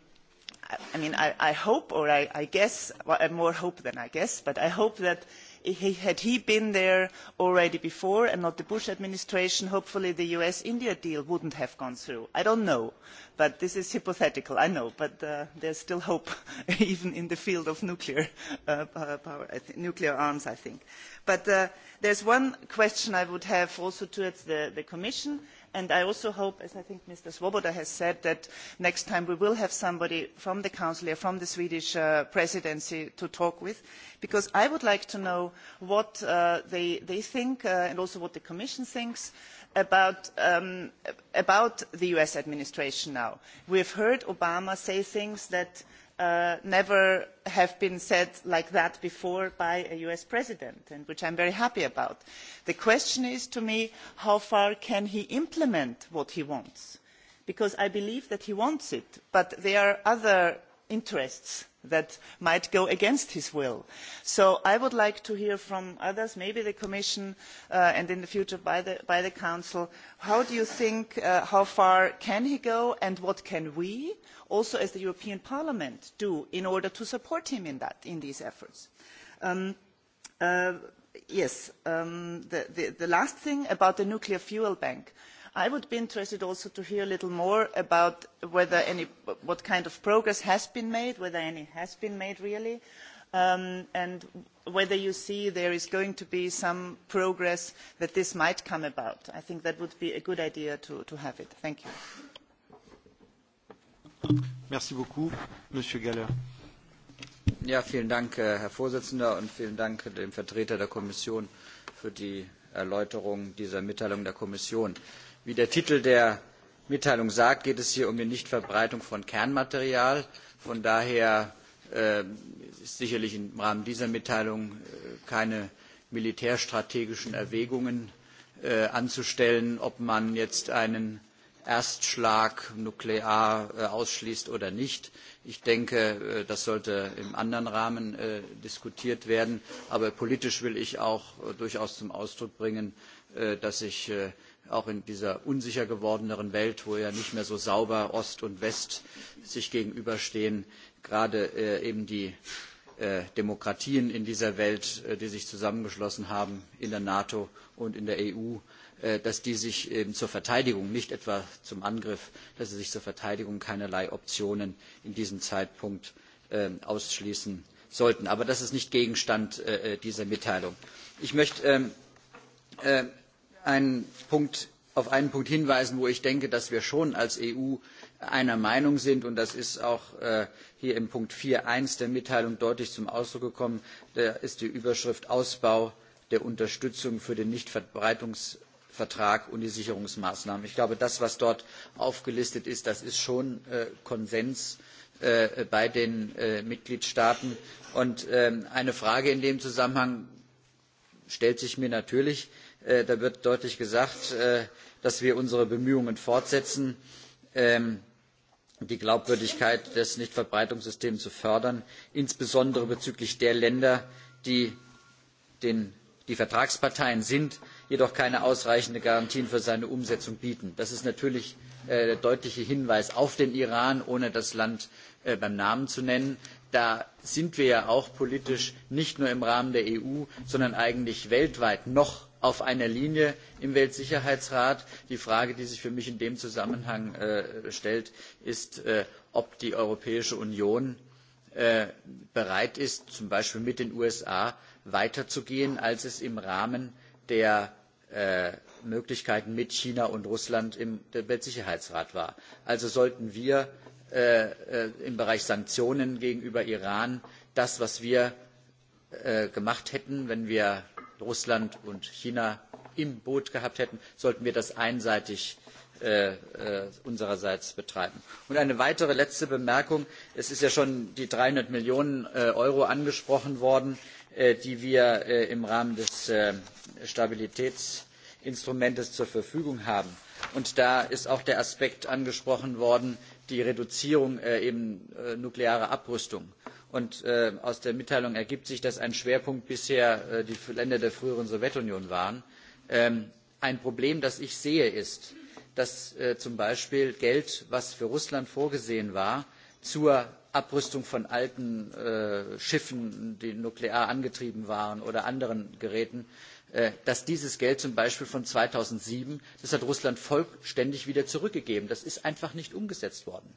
I, I mean, I, I hope, or I, I guess, well, more hope than I guess, but I hope that he, had he been there already before and not the Bush administration, hopefully the US-India deal wouldn't have gone through. I don't know, but this is hypothetical, I know, but uh, there's still hope even in the field of nuclear, uh, power, I th nuclear arms, I think. But uh, there's one question I would have also towards the, the Commission and I also hope, as I think Mr. Swoboda has said, that next time we will have somebody from the Council or from the Swedish uh, presidency to talk with, because I would like to know what uh, they, think uh, and also what the Commission thinks about um, the US administration now. We have heard Obama say things that uh, never have been said like that before by a US president, and which I am very happy about. The question is to me, how far can he implement what he wants? Because I believe that he wants it, but there are other interests that might go against his will. So I would like to hear from others, maybe the Commission uh, and in the future by the, by the Council, how do you think, uh, how far can he go and what can we, also as the European Parliament, do in order to support him in, that, in these efforts? Um, uh, yes, um, the, the, the last thing about the nuclear fuel bank. Uh, I would be interested also to hear a little more about whether any, what kind of progress has been made, whether any has been made really, um, and whether you see there is going to be some progress that this might come about. I think that would be a good idea to, to have it. Thank you. Merci beaucoup, Monsieur Galler. Ja, vielen Dank, äh, Herr Vorsitzender, und vielen Dank dem Vertreter der Kommission für die Erläuterung dieser Mitteilung der Kommission. Wie der Titel der Mitteilung sagt, geht es hier um die Nichtverbreitung von Kernmaterial. Von daher äh, ist sicherlich im Rahmen dieser Mitteilung äh, keine militärstrategischen Erwägungen äh, anzustellen, ob man jetzt einen Erstschlag nuklear äh, ausschließt oder nicht. Ich denke, äh, das sollte im anderen Rahmen äh, diskutiert werden. Aber politisch will ich auch äh, durchaus zum Ausdruck bringen, äh, dass ich äh, auch in dieser unsicher gewordeneren Welt, wo ja nicht mehr so sauber Ost und West sich gegenüberstehen, gerade äh, eben die äh, Demokratien in dieser Welt, äh, die sich zusammengeschlossen haben in der NATO und in der EU, äh, dass die sich eben zur Verteidigung, nicht etwa zum Angriff, dass sie sich zur Verteidigung keinerlei Optionen in diesem Zeitpunkt ähm, ausschließen sollten. Aber das ist nicht Gegenstand äh, äh, dieser Mitteilung. Ich möchte ähm, einen Punkt, auf einen Punkt hinweisen, wo ich denke, dass wir schon als EU einer Meinung sind, und das ist auch äh, hier im Punkt 4.1 der Mitteilung deutlich zum Ausdruck gekommen, da ist die Überschrift Ausbau der Unterstützung für den Nichtverbreitungsvertrag und die Sicherungsmaßnahmen. Ich glaube, das, was dort aufgelistet ist, das ist schon äh, Konsens äh, bei den äh, Mitgliedstaaten. Und ähm, eine Frage in dem Zusammenhang stellt sich mir natürlich, Äh, da wird deutlich gesagt, äh, dass wir unsere Bemühungen fortsetzen, ähm, die Glaubwürdigkeit des Nichtverbreitungssystems zu fördern, insbesondere bezüglich der Länder, die den, die Vertragsparteien sind, jedoch keine ausreichenden Garantien für seine Umsetzung bieten. Das ist natürlich äh, der deutliche Hinweis auf den Iran, ohne das Land beim Namen zu nennen da sind wir ja auch politisch nicht nur im Rahmen der EU, sondern eigentlich weltweit noch auf einer Linie im Weltsicherheitsrat. Die Frage, die sich für mich in dem Zusammenhang äh, stellt, ist, äh, ob die Europäische Union äh, bereit ist, zum Beispiel mit den USA weiterzugehen, als es im Rahmen der äh, Möglichkeiten mit China und Russland im Weltsicherheitsrat war. Also sollten wir äh, äh, im Bereich Sanktionen gegenüber Iran das, was wir gemacht hätten, wenn wir Russland und China im Boot gehabt hätten, sollten wir das einseitig äh, äh, unsererseits betreiben. Und eine weitere letzte Bemerkung. Es ist ja schon die 300 Millionen äh, Euro angesprochen worden, äh, die wir äh, im Rahmen des äh, Stabilitätsinstrumentes zur Verfügung haben. Und da ist auch der Aspekt angesprochen worden, die Reduzierung äh, eben äh, nuklearer Abrüstung. Und äh, aus der Mitteilung ergibt sich, dass ein Schwerpunkt bisher äh, die Länder der früheren Sowjetunion waren. Ähm, ein Problem, das ich sehe, ist, dass äh, zum Beispiel Geld, was für Russland vorgesehen war, zur Abrüstung von alten äh, Schiffen, die nuklear angetrieben waren oder anderen Geräten, Äh, dass dieses Geld zum Beispiel von 2007, das hat Russland vollständig wieder zurückgegeben. Das ist einfach nicht umgesetzt worden.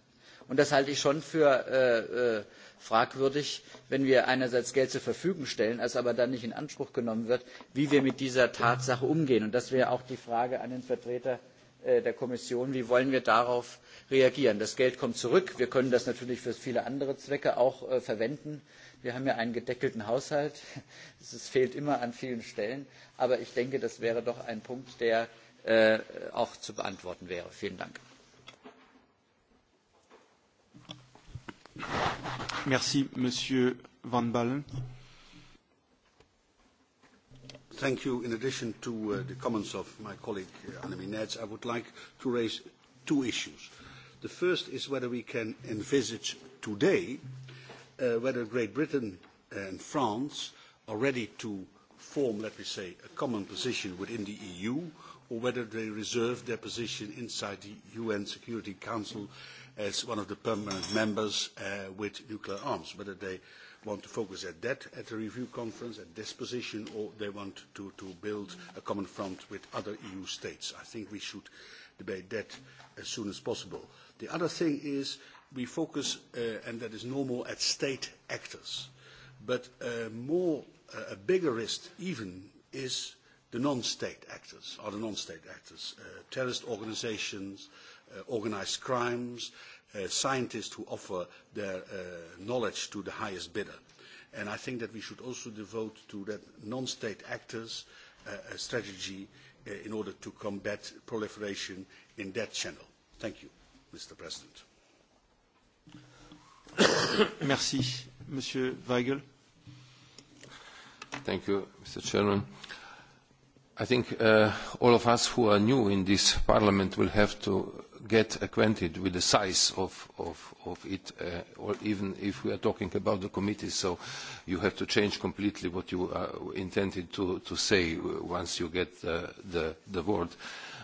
Und das halte ich schon für äh, äh, fragwürdig, wenn wir einerseits Geld zur Verfügung stellen, als aber dann nicht in Anspruch genommen wird, wie wir mit dieser Tatsache umgehen. Und das wäre auch die Frage an den Vertreter äh, der Kommission, wie wollen wir darauf reagieren? Das Geld kommt zurück. Wir können das natürlich für viele andere Zwecke auch äh, verwenden. Wir haben ja einen gedeckelten Haushalt. Es fehlt immer an vielen Stellen. Aber ich denke, das wäre doch ein Punkt, der äh, auch zu beantworten wäre. Vielen Dank. Merci, Monsieur Van Ballen. Thank you. In addition to uh, the comments of my colleague uh, Annemie Nets, I would like to raise two issues. The first is whether we can envisage today uh, whether Great Britain and France are ready to form, let me say, a common position within the EU or whether they reserve their position inside the UN Security Council as one of the permanent members uh, with nuclear arms, whether they want to focus at that at the review conference, at this position, or they want to, to build a common front with other EU states. I think we should debate that as soon as possible. The other thing is we focus, uh, and that is normal, at state actors. But uh, more, uh, a bigger risk even is the non-state actors, or the non-state actors, uh, terrorist organizations, uh, organized crimes, uh, scientists who offer their uh, knowledge to the highest bidder. And I think that we should also devote to that non-state actors uh, a strategy uh, in order to combat proliferation in that channel. Thank you, Mr. President. Merci. Monsieur Weigel. Thank you, Mr. Chairman. I think uh, all of us who are new in this parliament will have to get acquainted with the size of, of, of it, uh, or even if we are talking about the committee, so you have to change completely what you uh, intended to, to say once you get uh, the, the word.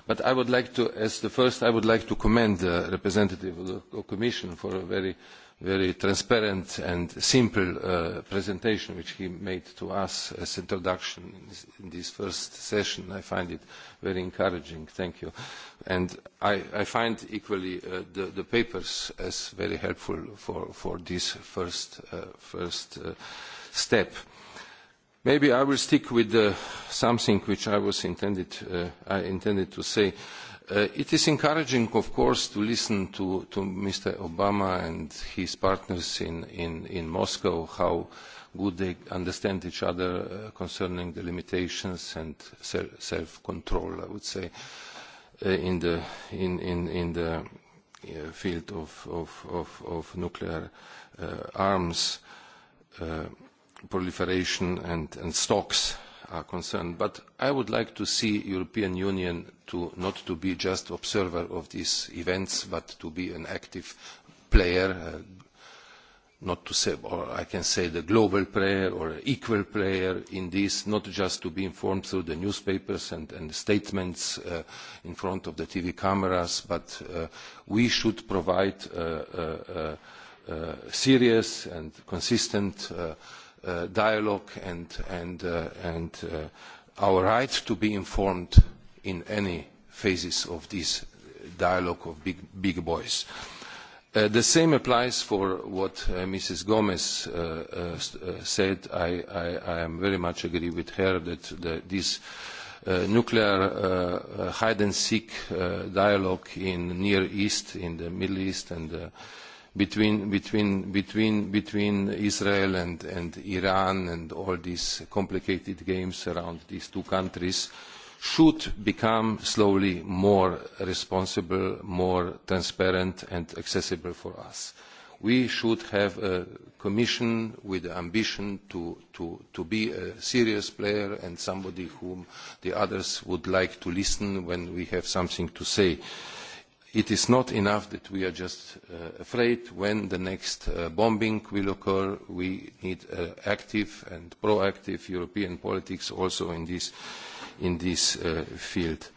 But I would like to, as the first, I would like to commend the representative of the Commission for a very very transparent and simple uh, presentation which he made to us as introduction in this first session. I find it very encouraging. Thank you. And I, I find equally uh, the, the papers as very helpful for, for this first, uh, first uh, step. Maybe I will stick with uh, something which I was intended, uh, I intended to say. Uh, Uh, it is encouraging, of course, to listen to, to Mr. Obama and his partners in, in, in Moscow, how good they understand each other uh, concerning the limitations and self-control, I would say, uh, in the, in, in, in the uh, field of, of, of, of nuclear uh, arms, uh, proliferation and, and stocks. Uh, are concerned. But I would like to see the European Union to not to be just an observer of these events, but to be an active player, uh, not to say, or I can say the global player or equal player in this, not just to be informed through the newspapers and, and statements uh, in front of the TV cameras, but uh, we should provide uh, uh, uh, uh serious and consistent uh, uh, dialogue and, and, uh, and uh, our right to be informed in any phases of this dialogue of big, big boys. Uh, the same applies for what uh, Mrs. Gomez uh, uh, uh, said. I, I, I am very much agree with her that the, this uh, nuclear uh, uh hide-and-seek uh, dialogue in Near East, in the Middle East and uh, between, between, between, between Israel and, and Iran and all these complicated games around these two countries should become slowly more responsible, more transparent and accessible for us. We should have a commission with the ambition to, to, to be a serious player and somebody whom the others would like to listen when we have something to say. Uh, it is not enough that we are just uh, afraid when the next uh, bombing will occur. We need uh, active and proactive European politics also in this, in this uh, field.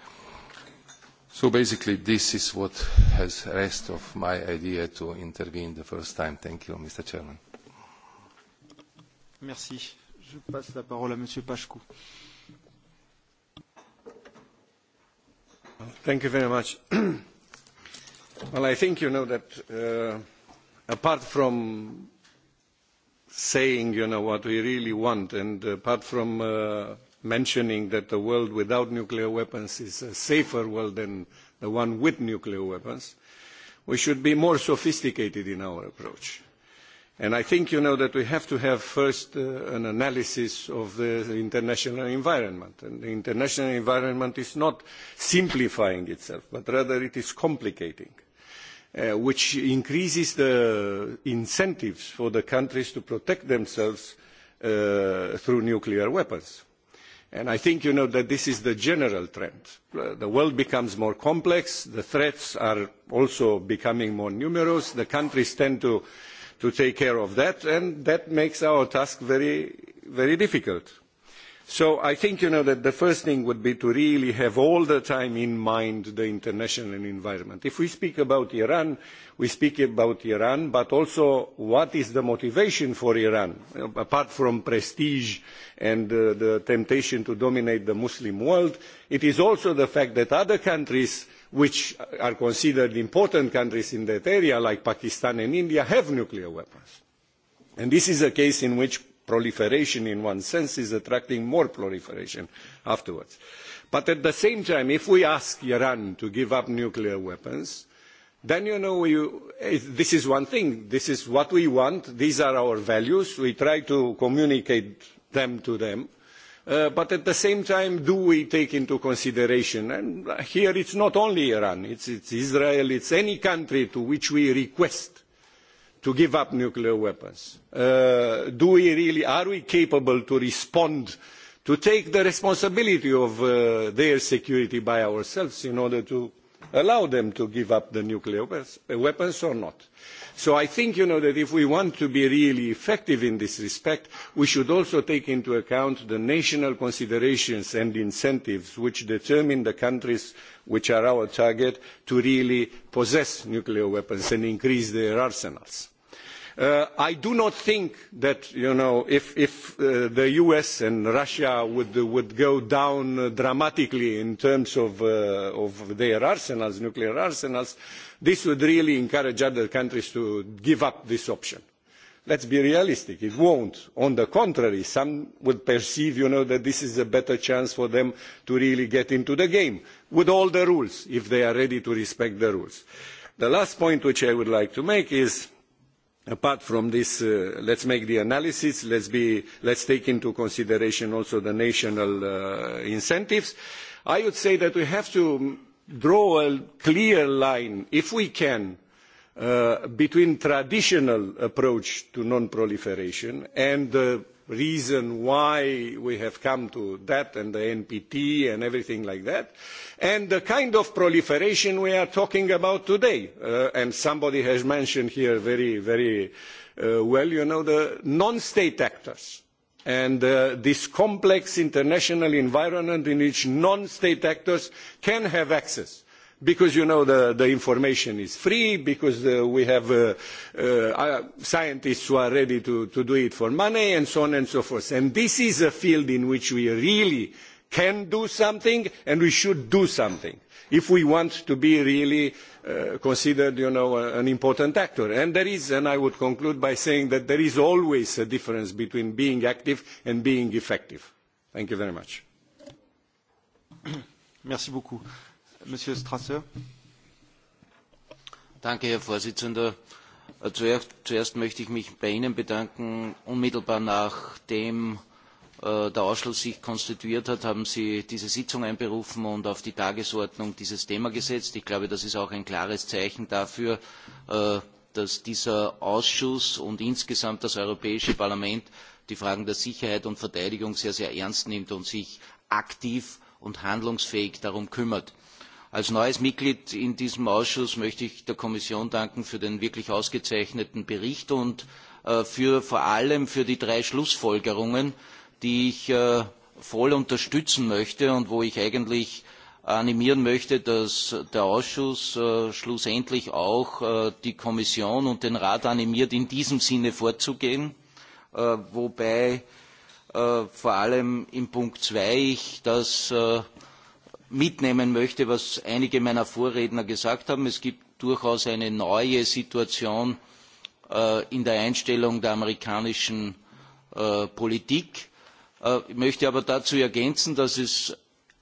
So basically this is what has rest of my idea to intervene the first time. Thank you, Mr. Chairman. Merci. Je passe la parole à Monsieur Pachkou. Thank you very much. Well, I think you know that uh, apart from saying you know, what we really want and uh, apart from uh, mentioning that the world without nuclear weapons is a safer world than the one with nuclear weapons, we should be more sophisticated in our approach. And I think you know that we have to have first uh, an analysis of the international environment. And the international environment is not simplifying itself, but rather it is complicating uh, which increases the incentives for the countries to protect themselves uh, through nuclear weapons. And I think you know that this is the general trend. Uh, the world becomes more complex, the threats are also becoming more numerous, the countries tend to, to take care of that, and that makes our task very, very difficult. So I think you know that the first thing would be to really have all the time in mind the international environment. If we speak about Iran, we speak about Iran, but also what is the motivation for Iran, uh, apart from prestige and uh, the temptation to dominate the Muslim world. It is also the fact that other countries which are considered important countries in that area, like Pakistan and India, have nuclear weapons. And this is a case in which proliferation in one sense is attracting more proliferation afterwards. But at the same time, if we ask Iran to give up nuclear weapons, then you know you, this is one thing. This is what we want. These are our values. We try to communicate them to them. Uh, but at the same time, do we take into consideration, and here it's not only Iran, it's, it's Israel, it's any country to which we request to give up nuclear weapons? Uh, do we really, are we capable to respond, to take the responsibility of uh, their security by ourselves in order to allow them to give up the nuclear uh, weapons or not? So I think, you know, that if we want to be really effective in this respect, we should also take into account the national considerations and incentives which determine the countries which are our target to really possess nuclear weapons and increase their arsenals. Uh, I do not think that, you know, if, if uh, the US and Russia would, would go down uh, dramatically in terms of, uh, of their arsenals, nuclear arsenals, this would really encourage other countries to give up this option. Let's be realistic, it won't. On the contrary, some would perceive, you know, that this is a better chance for them to really get into the game, with all the rules, if they are ready to respect the rules. The last point which I would like to make is apart from this, uh, let's make the analysis, let's, be, let's take into consideration also the national uh, incentives. I would say that we have to draw a clear line, if we can, uh, between traditional approach to non-proliferation and the reason why we have come to that and the NPT and everything like that, and the kind of proliferation we are talking about today. Uh, and somebody has mentioned here very, very uh, well, you know, the non-state actors and uh, this complex international environment in which non-state actors can have access because you know the, the information is free, because uh, we have uh, uh, uh, scientists who are ready to, to do it for money, and so on and so forth. And this is a field in which we really can do something, and we should do something if we want to be really uh, considered you know, an important actor. And there is, and I would conclude by saying that there is always a difference between being active and being effective. Thank you very much. Merci beaucoup. Monsieur Strasser. Danke, Herr Vorsitzender. Äh, zuerst, zuerst möchte ich mich bei Ihnen bedanken. Unmittelbar nachdem äh, der Ausschuss sich konstituiert hat, haben Sie diese Sitzung einberufen und auf die Tagesordnung dieses Thema gesetzt. Ich glaube, das ist auch ein klares Zeichen dafür, äh, dass dieser Ausschuss und insgesamt das Europäische Parlament die Fragen der Sicherheit und Verteidigung sehr, sehr ernst nimmt und sich aktiv und handlungsfähig darum kümmert. Als neues Mitglied in diesem Ausschuss möchte ich der Kommission danken für den wirklich ausgezeichneten Bericht und äh, für, vor allem für die drei Schlussfolgerungen, die ich äh, voll unterstützen möchte und wo ich eigentlich animieren möchte, dass der Ausschuss äh, schlussendlich auch äh, die Kommission und den Rat animiert, in diesem Sinne vorzugehen, äh, wobei äh, vor allem in Punkt zwei ich das mitnehmen möchte, was einige meiner Vorredner gesagt haben. Es gibt durchaus eine neue Situation äh, in der Einstellung der amerikanischen äh, Politik. Äh, ich möchte aber dazu ergänzen, dass es,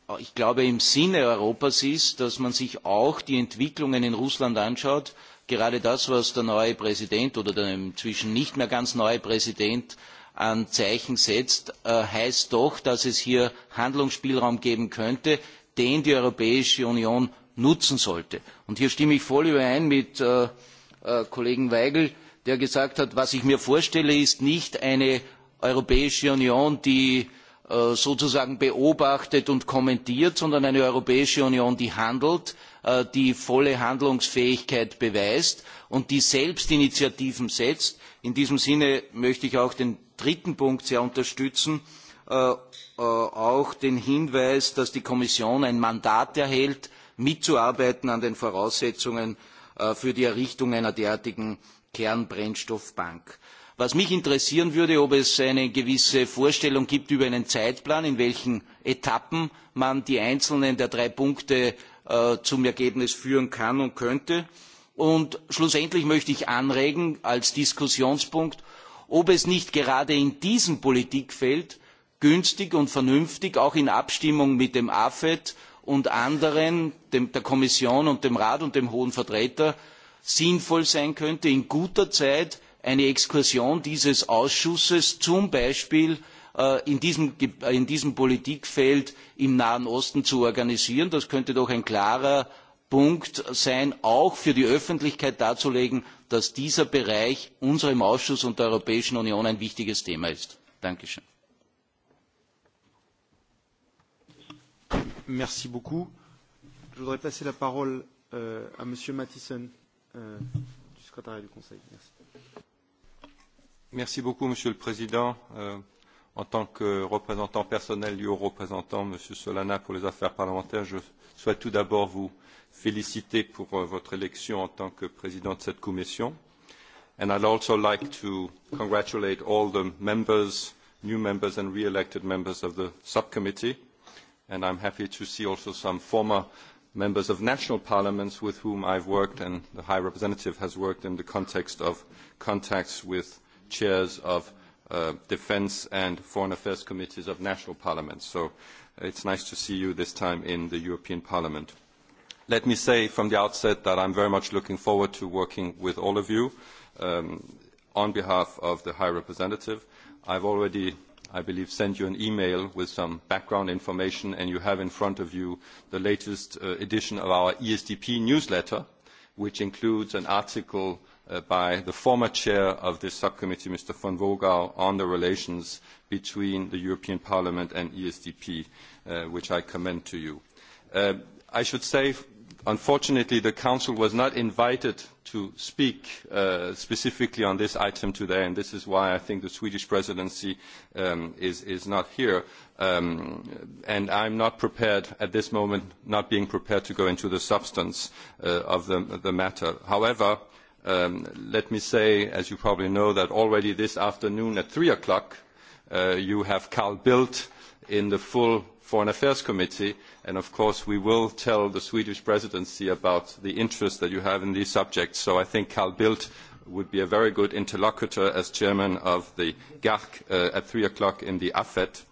äh, ich glaube, im Sinne Europas ist, dass man sich auch die Entwicklungen in Russland anschaut. Gerade das, was der neue Präsident oder der inzwischen nicht mehr ganz neue Präsident an Zeichen setzt, äh, heißt doch, dass es hier Handlungsspielraum geben könnte den die Europäische Union nutzen sollte. Und hier stimme ich voll überein mit äh, äh, Kollegen Weigel, der gesagt hat, was ich mir vorstelle, ist nicht eine Europäische Union, die äh, sozusagen beobachtet und kommentiert, sondern eine Europäische Union, die handelt, äh, die volle Handlungsfähigkeit beweist und die selbst Initiativen setzt. In diesem Sinne möchte ich auch den dritten Punkt sehr unterstützen äh, Äh, auch den Hinweis, dass die Kommission ein Mandat erhält, mitzuarbeiten an den Voraussetzungen äh, für die Errichtung einer derartigen Kernbrennstoffbank. Was mich interessieren würde, ob es eine gewisse Vorstellung gibt über einen Zeitplan, in welchen Etappen man die einzelnen der drei Punkte äh, zum Ergebnis führen kann und könnte. Und schlussendlich möchte ich anregen als Diskussionspunkt, ob es nicht gerade in diesem Politikfeld günstig und vernünftig auch in Abstimmung mit dem AFET und anderen, dem, der Kommission und dem Rat und dem Hohen Vertreter, sinnvoll sein könnte, in guter Zeit eine Exkursion dieses Ausschusses zum Beispiel äh, in diesem, in diesem Politikfeld im Nahen Osten zu organisieren. Das könnte doch ein klarer Punkt sein, auch für die Öffentlichkeit darzulegen, dass dieser Bereich unserem Ausschuss und der Europäischen Union ein wichtiges Thema ist. Dankeschön. Merci beaucoup. Je voudrais passer la parole euh, à Monsieur Mattison euh, du secrétariat du Conseil. Merci. Merci beaucoup, Monsieur le Président. Euh, en tant que représentant personnel du haut représentant, Monsieur Solana, pour les affaires parlementaires, je souhaite tout d'abord vous féliciter pour euh, votre élection en tant que président de cette commission. And I'd also like to congratulate all the members, new members and re-elected members of the subcommittee and I'm happy to see also some former members of national parliaments with whom I've worked and the High Representative has worked in the context of contacts with chairs of uh, defense and foreign affairs committees of national parliaments. So uh, it's nice to see you this time in the European Parliament. Let me say from the outset that I'm very much looking forward to working with all of you um, on behalf of the High Representative. I've already I believe, sent you an email with some background information, and you have in front of you the latest uh, edition of our ESDP newsletter, which includes an article uh, by the former chair of this subcommittee, Mr. von Vogel, on the relations between the European Parliament and ESDP, uh, which I commend to you. Uh, I should say unfortunately the council was not invited to speak uh, specifically on this item today and this is why i think the swedish presidency um, is, is not here um, and i'm not prepared at this moment not being prepared to go into the substance uh, of the, the matter however um, let me say as you probably know that already this afternoon at three o'clock uh, you have carl bildt in the full Foreign Affairs Committee, and of course we will tell the Swedish presidency about the interest that you have in these subjects. So I think Carl Bildt would be a very good interlocutor as chairman of the GARC uh, at three o'clock in the AFET.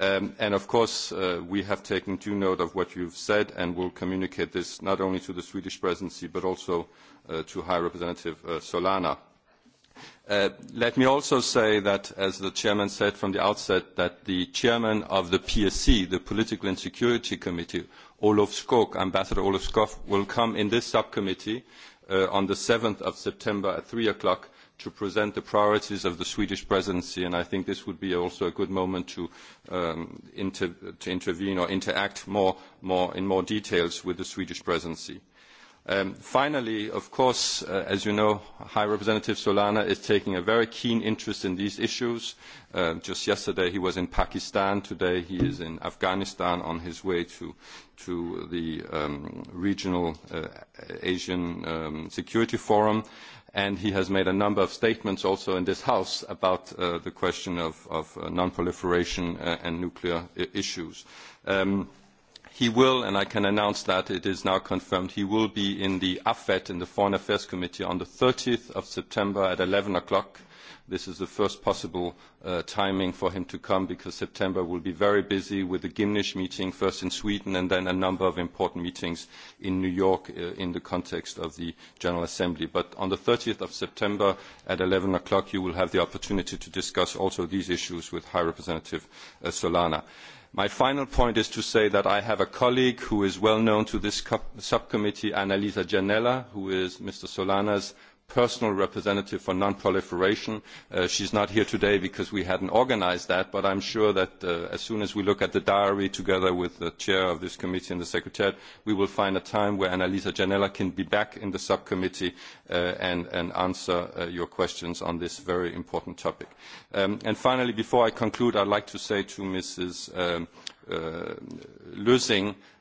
Um, and of course, uh, we have taken due note of what you have said and will communicate this not only to the Swedish presidency but also uh, to High Representative uh, Solana. Uh, let me also say that, as the chairman said from the outset, that the chairman of the PSC, the Political and Security Committee, Olof Skog, Ambassador Olof Skog, will come in this subcommittee uh, on the 7th of September at three o'clock to present the priorities of the Swedish presidency, and I think this would be also a good moment to, um, inter to intervene or interact more, more in more details with the Swedish presidency. Um, finally, of course, uh, as you know, High Representative Solana is taking a very keen interest in these issues. Um, just yesterday he was in Pakistan, today he is in Afghanistan on his way to, to the um, regional uh, Asian um, Security Forum, and he has made a number of statements also in this House about uh, the question of, of uh, non-proliferation uh, and nuclear uh, issues. Um, He will, and I can announce that it is now confirmed, he will be in the AFET, in the Foreign Affairs Committee, on the 30th of September at 11 o'clock. This is the first possible uh, timing for him to come because September will be very busy with the Gimnish meeting, first in Sweden, and then a number of important meetings in New York uh, in the context of the General Assembly. But on the 30th of September at 11 o'clock, you will have the opportunity to discuss also these issues with High Representative uh, Solana. My final point is to say that I have a colleague who is well known to this subcommittee, Annalisa Janella, who is Mr. Solana's personal representative for non-proliferation. Uh, she's not here today because we hadn't organized that, but I'm sure that uh, as soon as we look at the diary together with the chair of this committee and the secretariat, we will find a time where Annalisa Janella can be back in the subcommittee uh, and, and answer uh, your questions on this very important topic. Um, and finally, before I conclude, I'd like to say to Mrs. Um, uh,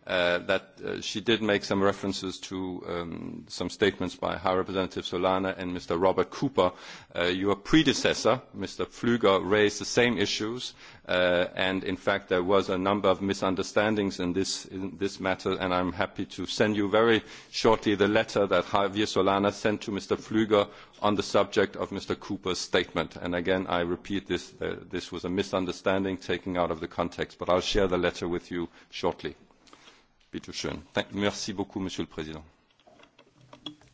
Uh, that uh, she did make some references to um, some statements by High Representative Solana and Mr. Robert Cooper. Uh, your predecessor, Mr. Pfluger, raised the same issues, uh, and in fact there was a number of misunderstandings in this, in this matter, and I'm happy to send you very shortly the letter that Javier Solana sent to Mr. Pfluger on the subject of Mr. Cooper's statement. And again, I repeat this, uh, this was a misunderstanding taken out of the context, but I'll share the letter with you shortly. Bitte schön. Merci beaucoup, Monsieur le Président.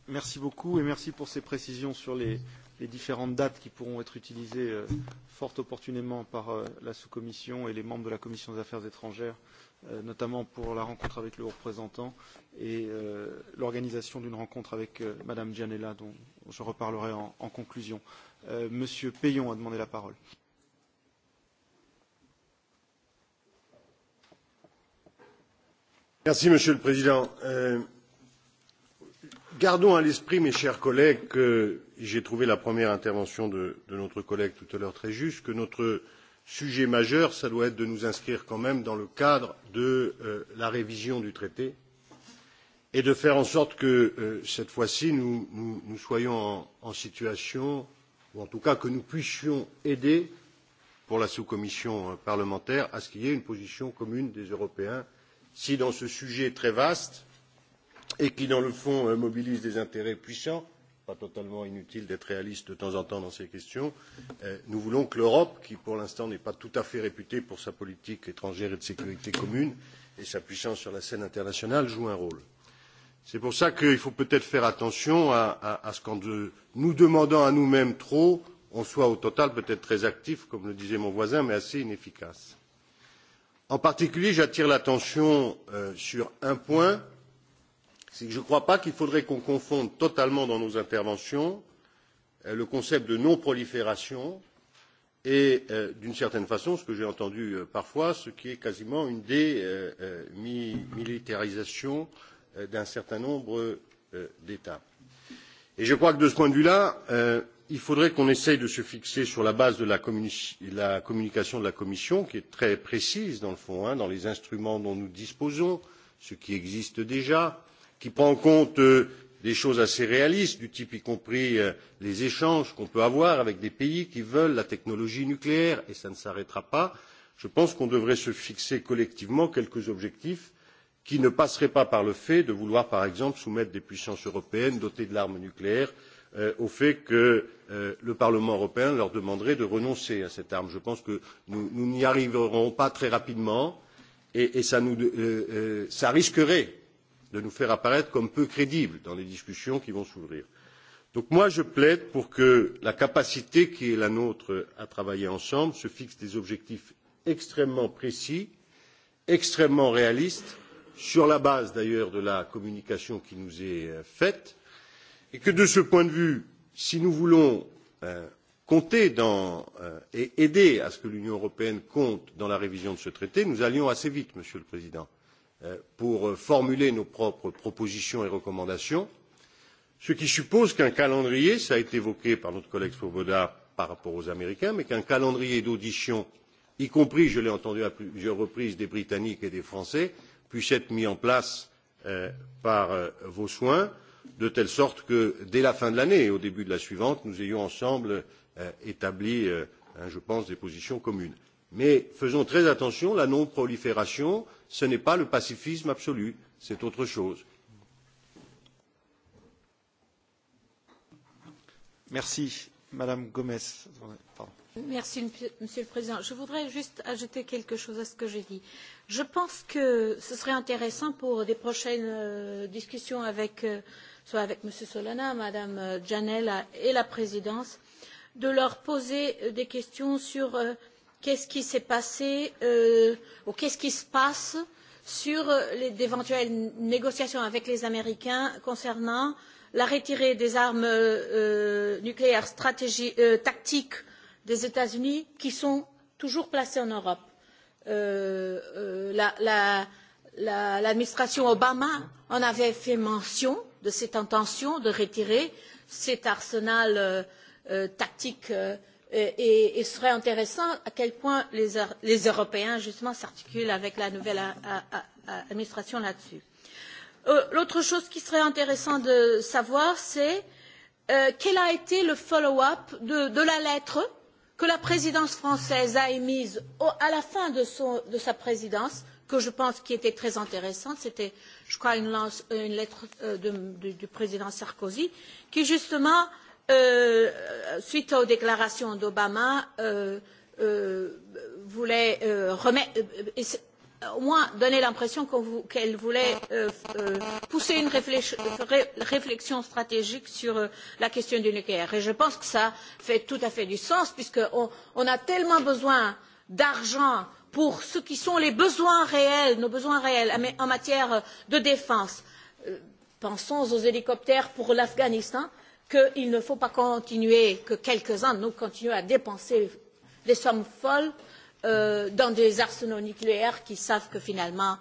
Merci beaucoup et merci pour ces précisions sur les, les différentes dates qui pourront être utilisées euh, fort opportunément par euh, la sous-commission et les membres de la commission des affaires étrangères, euh, notamment pour la rencontre avec le représentant et euh, l'organisation d'une rencontre avec euh, Madame Gianella, dont je reparlerai en, en conclusion. Euh, Monsieur Payon a demandé la parole. Merci, Monsieur le Président. Euh, gardons à l'esprit, mes chers collègues, que j'ai trouvé la première intervention de, de notre collègue tout à l'heure très juste, que notre sujet majeur, ça doit être de nous inscrire quand même dans le cadre de euh, la révision du traité et de faire en sorte que euh, cette fois-ci nous, nous, nous soyons en, en situation, ou en tout cas que nous puissions aider pour la sous-commission euh, parlementaire à ce qu'il y ait une position commune des Européens si dans ce sujet très vaste et qui dans le fond euh, mobilise des intérêts puissants, pas totalement inutile d'être réaliste de temps en temps dans ces questions, euh, nous voulons que l'Europe, qui pour l'instant n'est pas tout à fait réputée pour sa politique étrangère et de sécurité commune et sa puissance sur la scène internationale, joue un rôle. C'est pour cela qu'il faut peut-être faire attention à, à, à ce qu'en de, nous demandant à nous-mêmes trop, on soit au total peut-être très actif, comme le disait mon voisin, mais assez inefficace. En particulier, j'attire l'attention euh, sur un point, c'est que je ne crois pas qu'il faudrait qu'on confonde totalement dans nos interventions euh, le concept de non-prolifération et, euh, d'une certaine façon, ce que j'ai entendu euh, parfois, ce qui est quasiment une démilitarisation euh, euh, d'un certain nombre d'États. Et je crois que de ce point de vue-là, il faudrait qu'on essaye de se fixer sur la base de la, communi la communication de la Commission, qui est très précise dans le fond, hein, dans les instruments dont nous disposons, ce qui existe déjà, qui prend en compte euh, des choses assez réalistes, du type y compris euh, les échanges qu'on peut avoir avec des pays qui veulent la technologie nucléaire, et ça ne s'arrêtera pas. Je pense qu'on devrait se fixer collectivement quelques objectifs qui ne passeraient pas par le fait de vouloir, par exemple, soumettre des puissances européennes dotées de l'arme nucléaire euh, au fait que Euh, le Parlement européen leur demanderait de renoncer à cette arme. Je pense que nous n'y arriverons pas très rapidement et, et ça, nous, euh, euh, ça risquerait de nous faire apparaître comme peu crédibles dans les discussions qui vont s'ouvrir. Donc moi je plaide pour que la capacité qui est la nôtre à travailler ensemble se fixe des objectifs extrêmement précis, extrêmement réalistes, sur la base d'ailleurs de la communication qui nous est euh, faite, et que de ce point de vue, si nous voulons euh, compter dans, euh, et aider à ce que l'Union européenne compte dans la révision de ce traité, nous allions assez vite, Monsieur le Président, euh, pour euh, formuler nos propres propositions et recommandations, ce qui suppose qu'un calendrier, cela a été évoqué par notre collègue Svoboda par rapport aux Américains, mais qu'un calendrier d'audition, y compris, je l'ai entendu à plusieurs reprises, des Britanniques et des Français, puisse être mis en place euh, par euh, vos soins de telle sorte que dès la fin de l'année, au début de la suivante, nous ayons ensemble euh, établi, euh, hein, je pense, des positions communes. Mais faisons très attention, la non-prolifération, ce n'est pas le pacifisme absolu, c'est autre chose. Merci, Madame Gomez. Pardon. Merci, Monsieur le Président. Je voudrais juste ajouter quelque chose à ce que j'ai dit. Je pense que ce serait intéressant pour des prochaines euh, discussions avec euh, soit avec M. Solana, Mme euh, Janella et la présidence, de leur poser euh, des questions sur euh, qu'est-ce qui s'est passé euh, ou qu'est-ce qui se passe sur euh, d'éventuelles négociations avec les Américains concernant la retirée des armes euh, nucléaires euh, tactiques des États-Unis qui sont toujours placées en Europe. Euh, euh, L'administration la, la, la, Obama en avait fait mention de cette intention de retirer cet arsenal euh, euh, tactique euh, et, et serait intéressant à quel point les, les Européens justement s'articulent avec la nouvelle a, a, a, administration là-dessus. Euh, L'autre chose qui serait intéressant de savoir, c'est euh, quel a été le follow-up de, de la lettre que la présidence française a émise au, à la fin de, son, de sa présidence, que je pense qui était très intéressante, c'était euh, je crois, une, lance, une lettre euh, de, de, du président Sarkozy, qui justement, euh, suite aux déclarations d'Obama, euh, euh, voulait euh, remettre, euh, au moins donner l'impression qu'elle qu voulait euh, euh, pousser une réflexion, réflexion stratégique sur euh, la question du nucléaire. Et je pense que ça fait tout à fait du sens, puisqu'on on a tellement besoin d'argent pour ce qui sont les besoins réels, nos besoins réels en matière de défense. Euh, pensons aux hélicoptères pour l'Afghanistan, qu'il ne faut pas continuer, que quelques-uns nous continuent à dépenser des sommes folles euh, dans des arsenaux nucléaires qui savent que finalement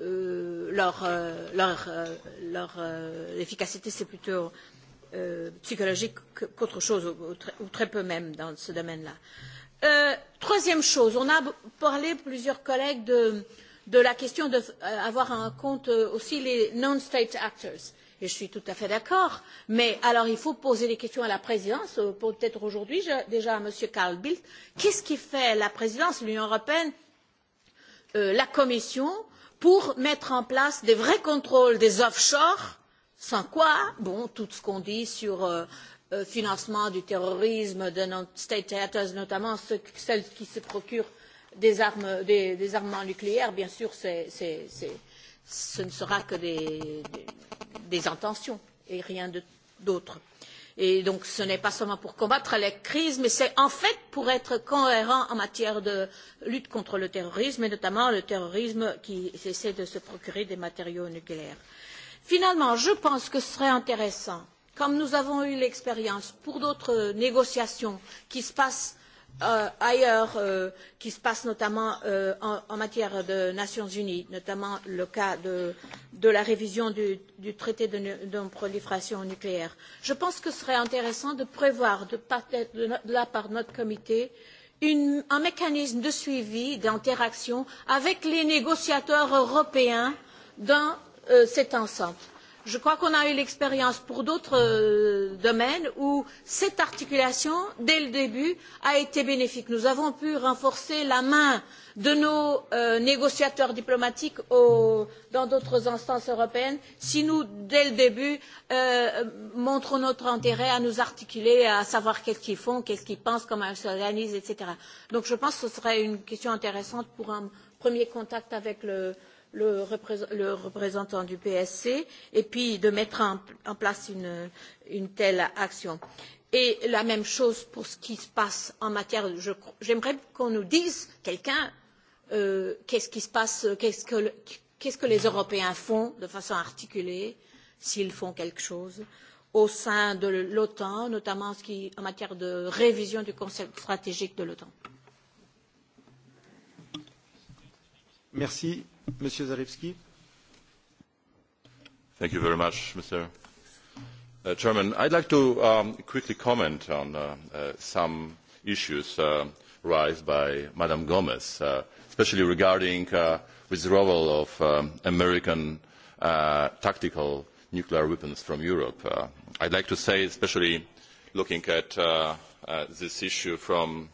euh, leur, euh, leur, euh, leur euh, efficacité c'est plutôt euh, psychologique qu'autre chose, ou, ou, très, ou très peu même dans ce domaine-là. Euh, Euh, troisième chose, on a parlé plusieurs collègues de, de la question d'avoir euh, en compte euh, aussi les non-state actors. Et je suis tout à fait d'accord, mais alors il faut poser des questions à la présidence, peut-être aujourd'hui déjà à M. Carl Bildt. Qu'est-ce qui fait la présidence, l'Union européenne, euh, la Commission pour mettre en place des vrais contrôles des offshore, sans quoi, bon, tout ce qu'on dit sur euh, Euh, financement du terrorisme, de nos state theaters, notamment ceux, celles qui se procurent des, armes, des, des armements nucléaires, bien sûr, est, c est, ce ne sera que des, des, des intentions et rien d'autre. Et donc ce n'est pas seulement pour combattre les crises, mais c'est en fait pour être cohérent en matière de lutte contre le terrorisme, et notamment le terrorisme qui essaie de se procurer des matériaux nucléaires. Finalement, je pense que ce serait intéressant comme nous avons eu l'expérience pour d'autres négociations qui se passent euh, ailleurs, euh, qui se passent notamment euh, en, en matière de Nations Unies, notamment le cas de, de la révision du, du traité de, de prolifération nucléaire. Je pense que ce serait intéressant de prévoir de, de, de la part de notre comité une, un mécanisme de suivi, d'interaction avec les négociateurs européens dans euh, cet ensemble. Je crois qu'on a eu l'expérience pour d'autres euh, domaines où cette articulation, dès le début, a été bénéfique. Nous avons pu renforcer la main de nos euh, négociateurs diplomatiques au, dans d'autres instances européennes si nous, dès le début, euh, montrons notre intérêt à nous articuler, à savoir qu'est-ce qu'ils font, qu'est-ce qu'ils pensent, comment ils s'organisent, etc. Donc je pense que ce serait une question intéressante pour un premier contact avec le, le, le représentant du PSC et puis de mettre en, en place une, une telle action. Et la même chose pour ce qui se passe en matière. J'aimerais qu'on nous dise, quelqu'un, euh, qu'est-ce qui se passe, qu'est-ce que, que les Européens font de façon articulée, s'ils font quelque chose, au sein de l'OTAN, notamment en, ce qui, en matière de révision du concept stratégique de l'OTAN. Merci. Zarevsky. Thank you very much, Mr. Uh, Chairman. I'd like to um, quickly comment on uh, uh, some issues uh, raised by Madam Gomez, uh, especially regarding uh, withdrawal of um, American uh, tactical nuclear weapons from Europe. Uh, I'd like to say, especially looking at uh, uh, this issue from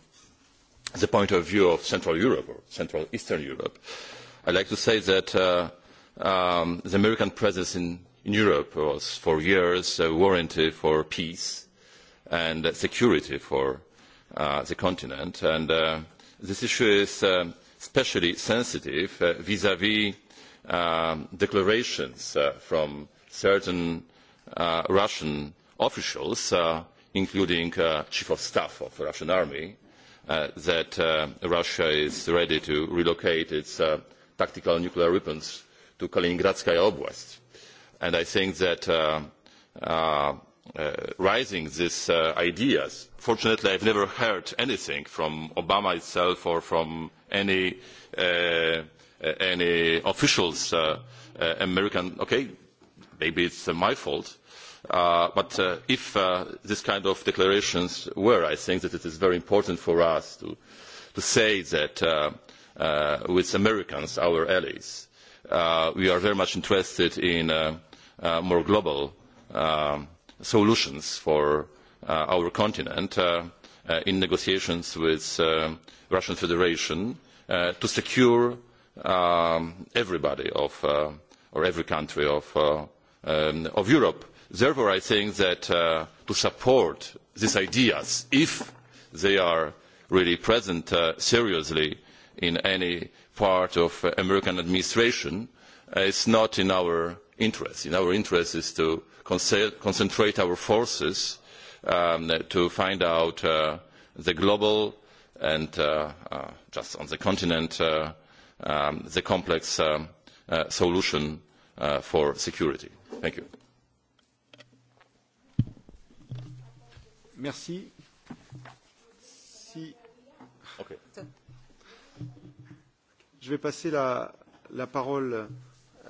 the point of view of Central Europe or Central Eastern Europe, uh, I'd like to say that uh, um, the American presence in, in Europe was for years a uh, warranty for peace and security for uh, the continent. And uh, this issue is um, especially sensitive uh, vis-à-vis uh, vis, um, declarations uh, from certain uh, Russian officials, uh, including uh, chief of staff of the Russian army, uh, that uh, Russia is ready to relocate its uh, tactical nuclear weapons to Kaliningradskaya Oblast. And I think that uh, uh, uh, raising these uh, ideas, fortunately I've never heard anything from Obama itself or from any, uh, any officials, uh, uh, American, okay, maybe it's uh, my fault, Uh, but uh, if uh, this kind of declarations were, I think that it is very important for us to, to say that uh, Uh, with Americans, our allies. Uh, we are very much interested in uh, more global um, solutions for our continent in negotiations with the Russian Federation to secure um, everybody of, or every country of, um, of Europe. Therefore, I think that to support these ideas, if they are really present seriously in any part of uh, American administration uh, is not in our interest. In our interest is to concentrate our forces um, to find out uh, the global and uh, uh, just on the continent uh, um, the complex um, uh, solution uh, for security. Thank you. Merci. Je vais passer la, la parole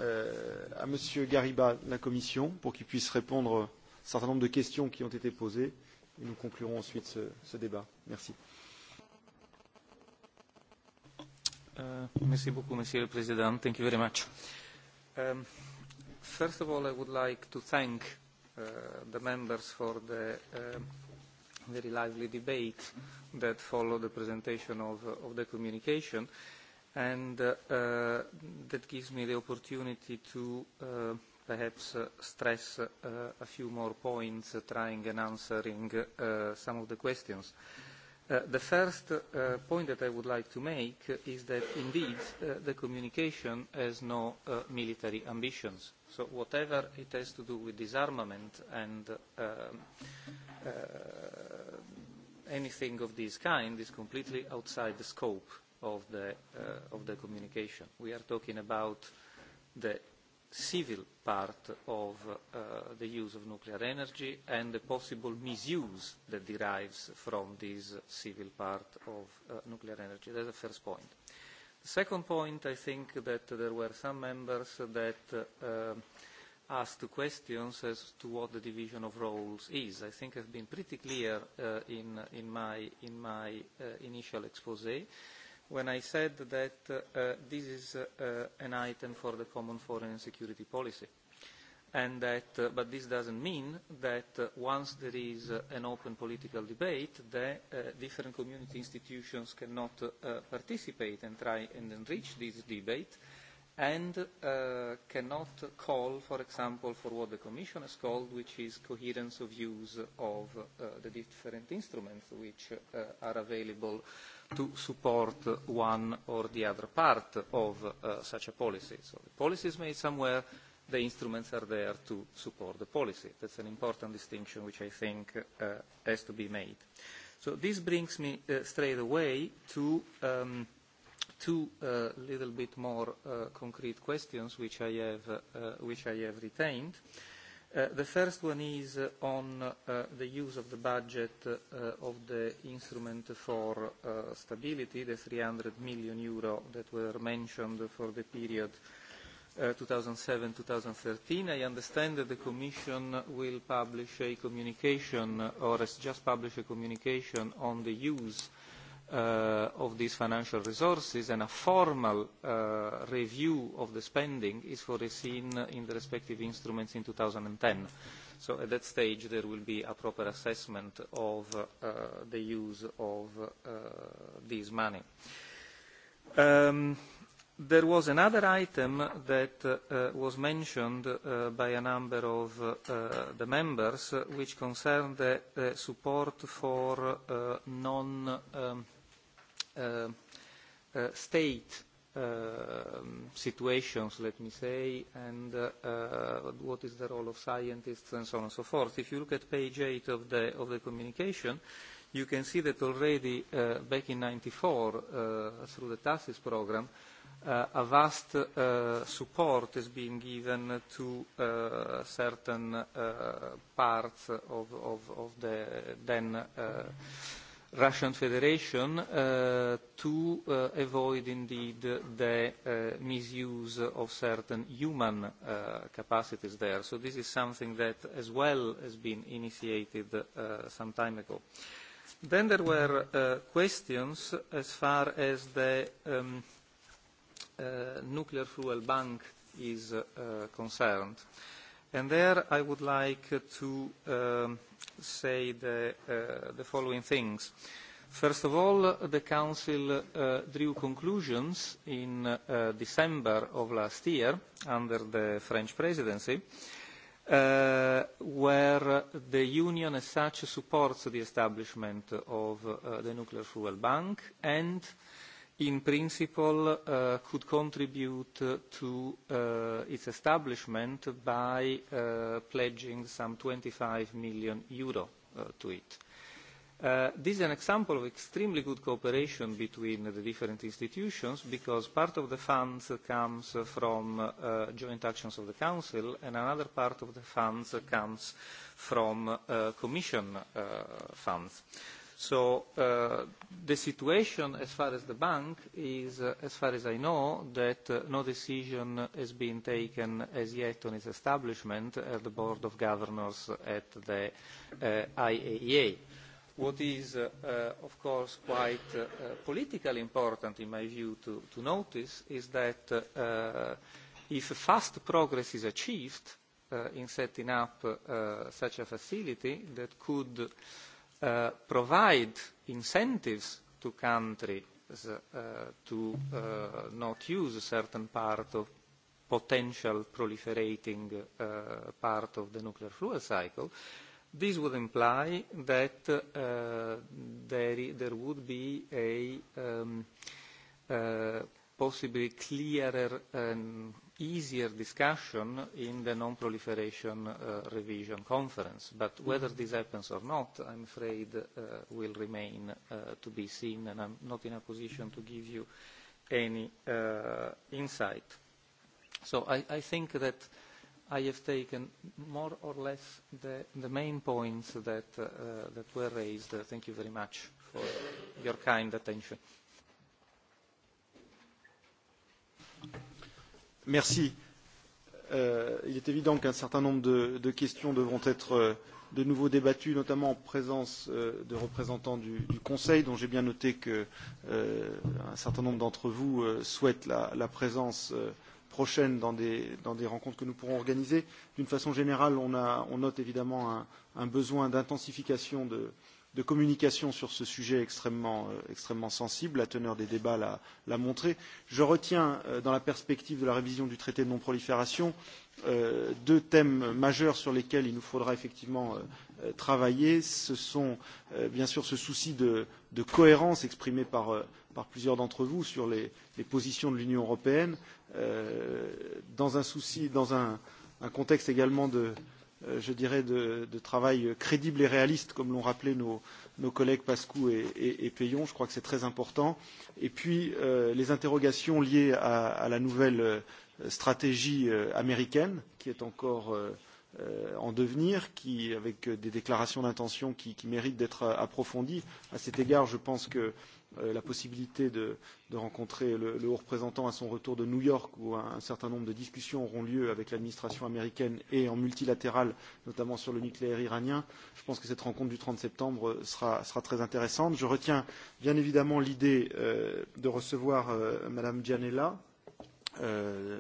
euh, à Monsieur Gariba de la Commission pour qu'il puisse répondre à un certain nombre de questions qui ont été posées et nous conclurons ensuite ce, ce débat. Merci. Uh, merci beaucoup, Monsieur le Président. Thank you very much. Um, first of all, I would like to thank uh, the members for the uh, very lively debate that followed the presentation of, of the communication. Uh, and uh, uh, that gives me the opportunity to uh, perhaps uh, stress uh, a few more points uh, trying and answering uh, some of the questions. Uh, the first uh, point that I would like to make is that indeed uh, the communication has no uh, military ambitions. So whatever it has to do with disarmament and uh, um, uh, anything of this kind is completely outside the scope of the, uh, of the communication. We are talking about the civil part of uh, the use of nuclear energy and the possible misuse that derives from this civil part of uh, nuclear energy. That's the first point. The second point, I think that there were some members that uh, asked questions as to what the division of roles is. I think I've been pretty clear uh, in, in my, in my uh, initial expose when I said that uh, this is uh, uh an item for the common foreign and security policy. And that, uh, but this doesn't mean that uh, once there is uh, an open political debate, the uh, different community institutions cannot uh, uh participate and try and enrich this debate and uh, cannot call, for example, for what the Commission has called, which is coherence of use of uh, the different instruments which uh, are available uh, to support one or the other part of uh, such a policy. So the policy is made somewhere, the instruments are there to support the policy. That's an important distinction which I think uh, has to be made. So this brings me uh, straight away to um, two uh, little bit more uh, concrete questions which I have, uh, which I have retained. Uh, Uh, the first one is uh, on uh, the use of the budget uh, of the instrument for uh, stability, the 300 million euro that were mentioned for the period uh, 2007-2013. I understand that the Commission will publish a communication, or has just published a communication on the use uh, of these financial resources and a formal uh, review of the spending is foreseen in the respective instruments in 2010. So at that stage there will be a proper assessment of uh, the use of uh, this money. Um, there was another item that uh, was mentioned uh, by a number of uh, the members uh, which concerned the, uh, support for uh, non um, uh, uh, state uh, situations, let me say, and uh, uh, what is the role of scientists and so on and so forth. If you look at page 8 of the, of the communication, you can see that already uh, back in 94, uh, through the TASIS program, uh, a vast uh, support is being given to uh, certain uh, parts of, of, of the then uh, Russian Federation uh, to uh, avoid indeed the uh, misuse of certain human uh, capacities there. So this is something that as well has been initiated uh, some time ago. Then there were uh, questions as far as the um, uh, nuclear fuel bank is uh, concerned. Uh, And there I would like to um, say the, uh, the following things. First of all, the Council uh, drew conclusions in uh, December of last year under the French presidency, uh, where the Union as such supports the establishment of uh, the Nuclear Fuel Bank and uh, in principle uh, could contribute to uh, its establishment by uh, pledging some 25 million euro uh, to it. Uh, this is an example of extremely good cooperation between the different institutions because part of the funds comes from uh, joint actions of the Council and another part of the funds comes from uh, Commission uh, funds. Uh, So uh, the situation as far as the bank is, uh, as far as I know, that uh, no decision has been taken as yet on its establishment at the Board of Governors at the uh, IAEA. E What is, uh, uh, of course, quite uh, uh, politically important, in my view, to, to notice is that uh, uh, if fast progress is achieved uh, in setting up uh, such a facility that could uh, Uh, provide incentives to countries uh, to uh, not use a certain part of potential proliferating uh, part of the nuclear fuel cycle, this would imply that uh, there, there would be a um, uh, possibly clearer um, easier discussion in the non-proliferation uh, revision conference. But whether mm-hmm. this happens or not, I'm afraid, uh, will remain uh, to be seen, and I'm not in a position to give you any uh, insight. So I, I think that I have taken more or less the, the main points that, uh, that were raised. Uh, thank you very much for your kind attention. Merci. Euh, il est évident qu'un certain nombre de, de questions devront être euh, de nouveau débattues, notamment en présence euh, de représentants du, du Conseil, dont j'ai bien noté qu'un euh, certain nombre d'entre vous euh, souhaitent la, la présence euh, prochaine dans des, dans des rencontres que nous pourrons organiser. D'une façon générale, on, a, on note évidemment un, un besoin d'intensification de, euh, de communication sur ce sujet extrêmement, euh, extrêmement sensible. La teneur des débats l'a montré. Je retiens, euh, dans la perspective de la révision du traité de non-prolifération, euh, deux thèmes majeurs sur lesquels il nous faudra effectivement euh, euh, travailler. Ce sont euh, bien sûr ce souci de, de cohérence exprimé par, euh, par plusieurs d'entre vous sur les, les positions de l'Union européenne, euh, dans un souci, dans un, un contexte également de, euh, Euh, je dirais, de, de travail crédible et réaliste, comme l'ont rappelé nos, nos collègues Pascou et, et, et Payon. Je crois que c'est très important. Et puis, euh, les interrogations liées à, à la nouvelle euh, stratégie euh, américaine, qui est encore euh, en devenir, qui, avec des déclarations d'intention qui, qui méritent d'être approfondies. À cet égard, je pense que euh, la possibilité de, de rencontrer le, le haut représentant à son retour de New York, où un, un certain nombre de discussions auront lieu avec l'administration américaine et en multilatéral, notamment sur le nucléaire iranien. Je pense que cette rencontre du 30 septembre sera, sera très intéressante. Je retiens bien évidemment l'idée euh, de recevoir euh, Madame Gianella, euh,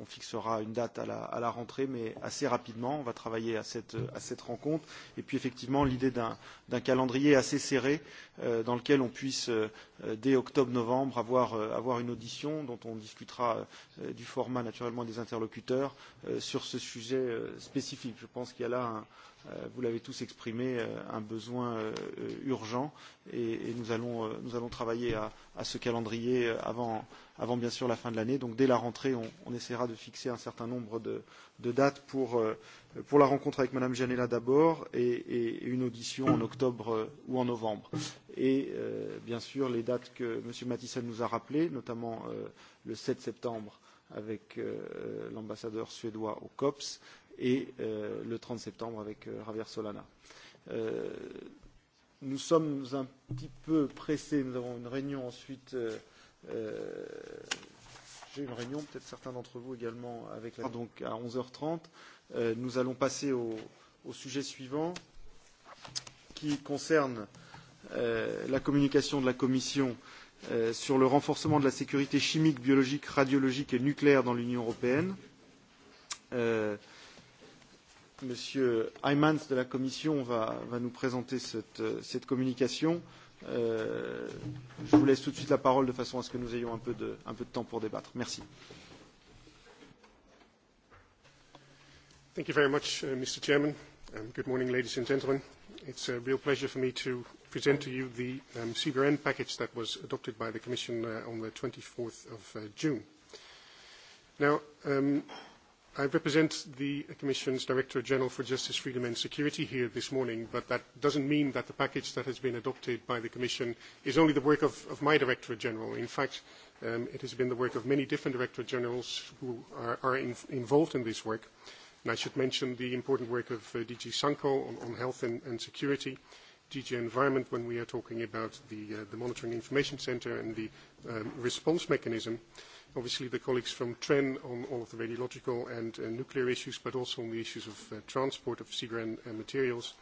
on fixera une date à la, à la rentrée, mais assez rapidement. On va travailler à cette, à cette rencontre. Et puis effectivement, l'idée d'un calendrier assez serré euh, dans lequel on puisse, euh, dès octobre-novembre, avoir, euh, avoir une audition dont on discutera euh, du format naturellement des interlocuteurs euh, sur ce sujet euh, spécifique. Je pense qu'il y a là un Euh, vous l'avez tous exprimé, euh, un besoin euh, urgent et, et nous, allons, nous allons travailler à, à ce calendrier avant, avant bien sûr la fin de l'année. Donc dès la rentrée, on, on essaiera de fixer un certain nombre de, de dates pour, pour la rencontre avec Madame Janela d'abord et, et une audition en octobre ou en novembre. Et euh, bien sûr les dates que M. Matissel nous a rappelées, notamment euh, le 7 septembre avec euh, l'ambassadeur suédois au COPS, et euh, le 30 septembre avec euh, Javier Solana. Euh, nous sommes un petit peu pressés, nous avons une réunion ensuite. Euh, euh, J'ai une réunion, peut-être certains d'entre vous également, avec la... donc à 11h30. Euh, nous allons passer au, au sujet suivant qui concerne euh, la communication de la Commission euh, sur le renforcement de la sécurité chimique, biologique, radiologique et nucléaire dans l'Union européenne. Euh, Monsieur Heimans de la Commission va, va nous présenter cette, cette communication. Euh, je vous laisse tout de suite la parole de façon à ce que nous ayons un peu de, un peu de temps pour débattre. Merci. Thank you very much, uh, Mr. Chairman. Um, good morning, ladies and gentlemen. It's a real pleasure for me to present to you the um, CBRN package that was adopted by the Commission uh, on the 24th of uh, June. Now, um, I represent the Commission's Director General for Justice, Freedom and Security here this morning, but that doesn't mean that the package that has been adopted by the Commission is only the work of, of my Director General. In fact, um, it has been the work of many different Director Generals who are, are in, involved in this work. And I should mention the important work of uh, DG Sanko on, on health and, and security, DG Environment when we are talking about the, uh, the Monitoring Information Centre and the um, response mechanism obviously the colleagues from TREN on all of the radiological and uh, nuclear issues, but also on the issues of uh, transport of CGRN uh, materials.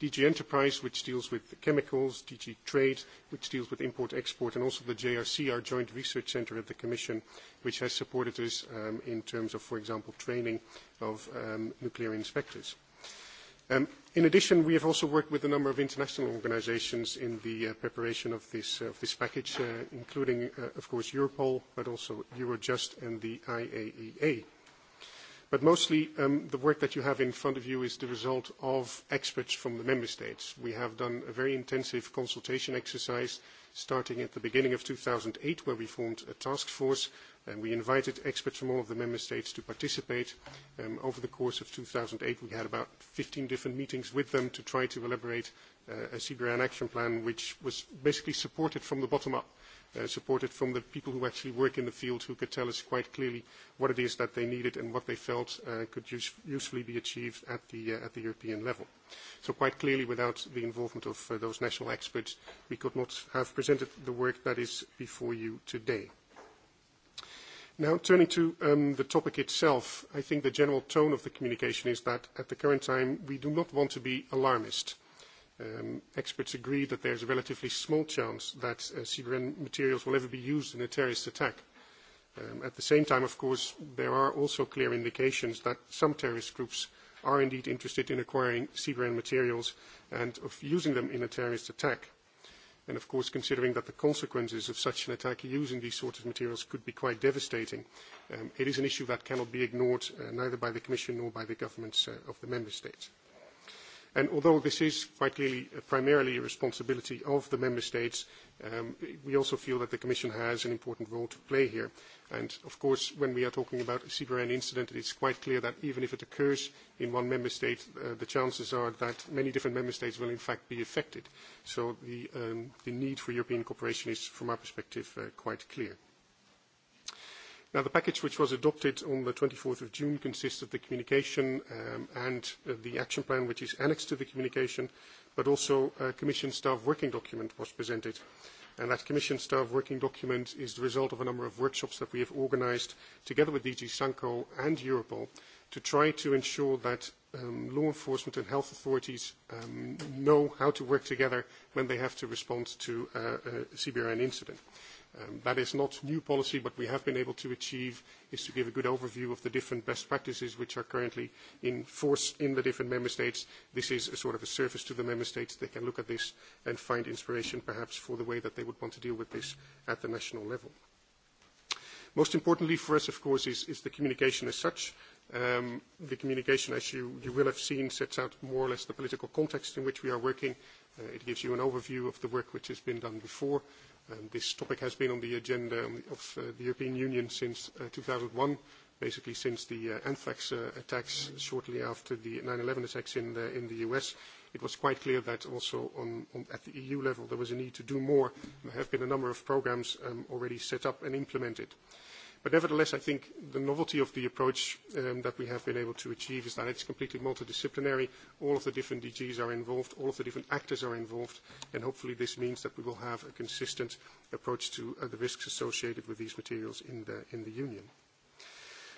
DG Enterprise, which deals with chemicals, DG Trade, which deals with import-export, and also the JRC, our joint research center at the Commission, which has supported us um, in terms of, for example, training of um, nuclear inspectors. Um, in addition, we have also worked with a number of international organizations in the uh, preparation of this, uh, of this package, uh, including, uh, of course, Europol, but also Eurojust and the IAEA. E but mostly um, the work that you have in front of you is the result of experts from the member states. We have done a very intensive consultation exercise starting at the beginning of 2008 where we formed a task force And we invited experts from all of the member states to participate. Um, over the course of 2008, we had about 15 different meetings with them to try to elaborate uh, a CBRN action plan, which was basically supported from the bottom up, uh, supported from the people who actually work in the field, who could tell us quite clearly what it is that they needed and what they felt uh, could use usefully be achieved at the, uh, at the European level. So quite clearly, without the involvement of uh, those national experts, we could not have presented the work that is before you today. Now, turning to um, the topic itself, I think the general tone of the communication is that at the current time we do not want to be alarmist. Um, experts agree that there is a relatively small chance that uh, CBN materials will ever be used in a terrorist attack. Um, at the same time, of course, there are also clear indications that some terrorist groups are indeed interested in acquiring CBN materials and of using them in a terrorist attack. And of course, considering that the consequences of such an attack using these sorts of materials could be quite devastating, um, it is an issue that cannot be ignored uh, neither by the Commission nor by the governments uh, of the Member States. And although this is quite clearly uh, primarily a responsibility of the Member States, um, we also feel that the Commission has an important role to play here. And of course, when we are talking about a CBRN incident, it is quite clear that even if it occurs in one Member State, uh, the chances are that many different Member States will in fact be affected. So the, um, the need for European cooperation is, from our perspective, uh, quite clear. Now, the package which was adopted on the 24th of June consists of the communication um, and uh, the action plan which is annexed to the communication, but also a Commission staff working document was presented. And that Commission staff working document is the result of a number of workshops that we have organised together with DG Sanko and Europol to try to ensure that um, law enforcement and health authorities um, know how to work together when they have to respond to uh, a CBRN incident. Um, that is not new policy, but we have been able to achieve is to give a good overview of the different best practices which are currently in force in the different member states. This is a sort of a service to the member states. They can look at this and find inspiration perhaps for the way that they would want to deal with this at the national level. Most importantly for us, of course, is, is the communication as such. Um, the communication, as you, you will have seen, sets out more or less the political context in which we are working. Uh, it gives you an overview of the work which has been done before, And this topic has been on the agenda of uh, the European Union since uh, 2001, basically since the uh, anthrax uh, attacks shortly after the 9-11 attacks in the, in the US. It was quite clear that also on, on, at the EU level there was a need to do more. There have been a number of programs um, already set up and implemented. But nevertheless, I think the novelty of the approach um, that we have been able to achieve is that it's completely multidisciplinary. All of the different DGs are involved, all of the different actors are involved, and hopefully this means that we will have a consistent approach to uh, the risks associated with these materials in the, in the Union.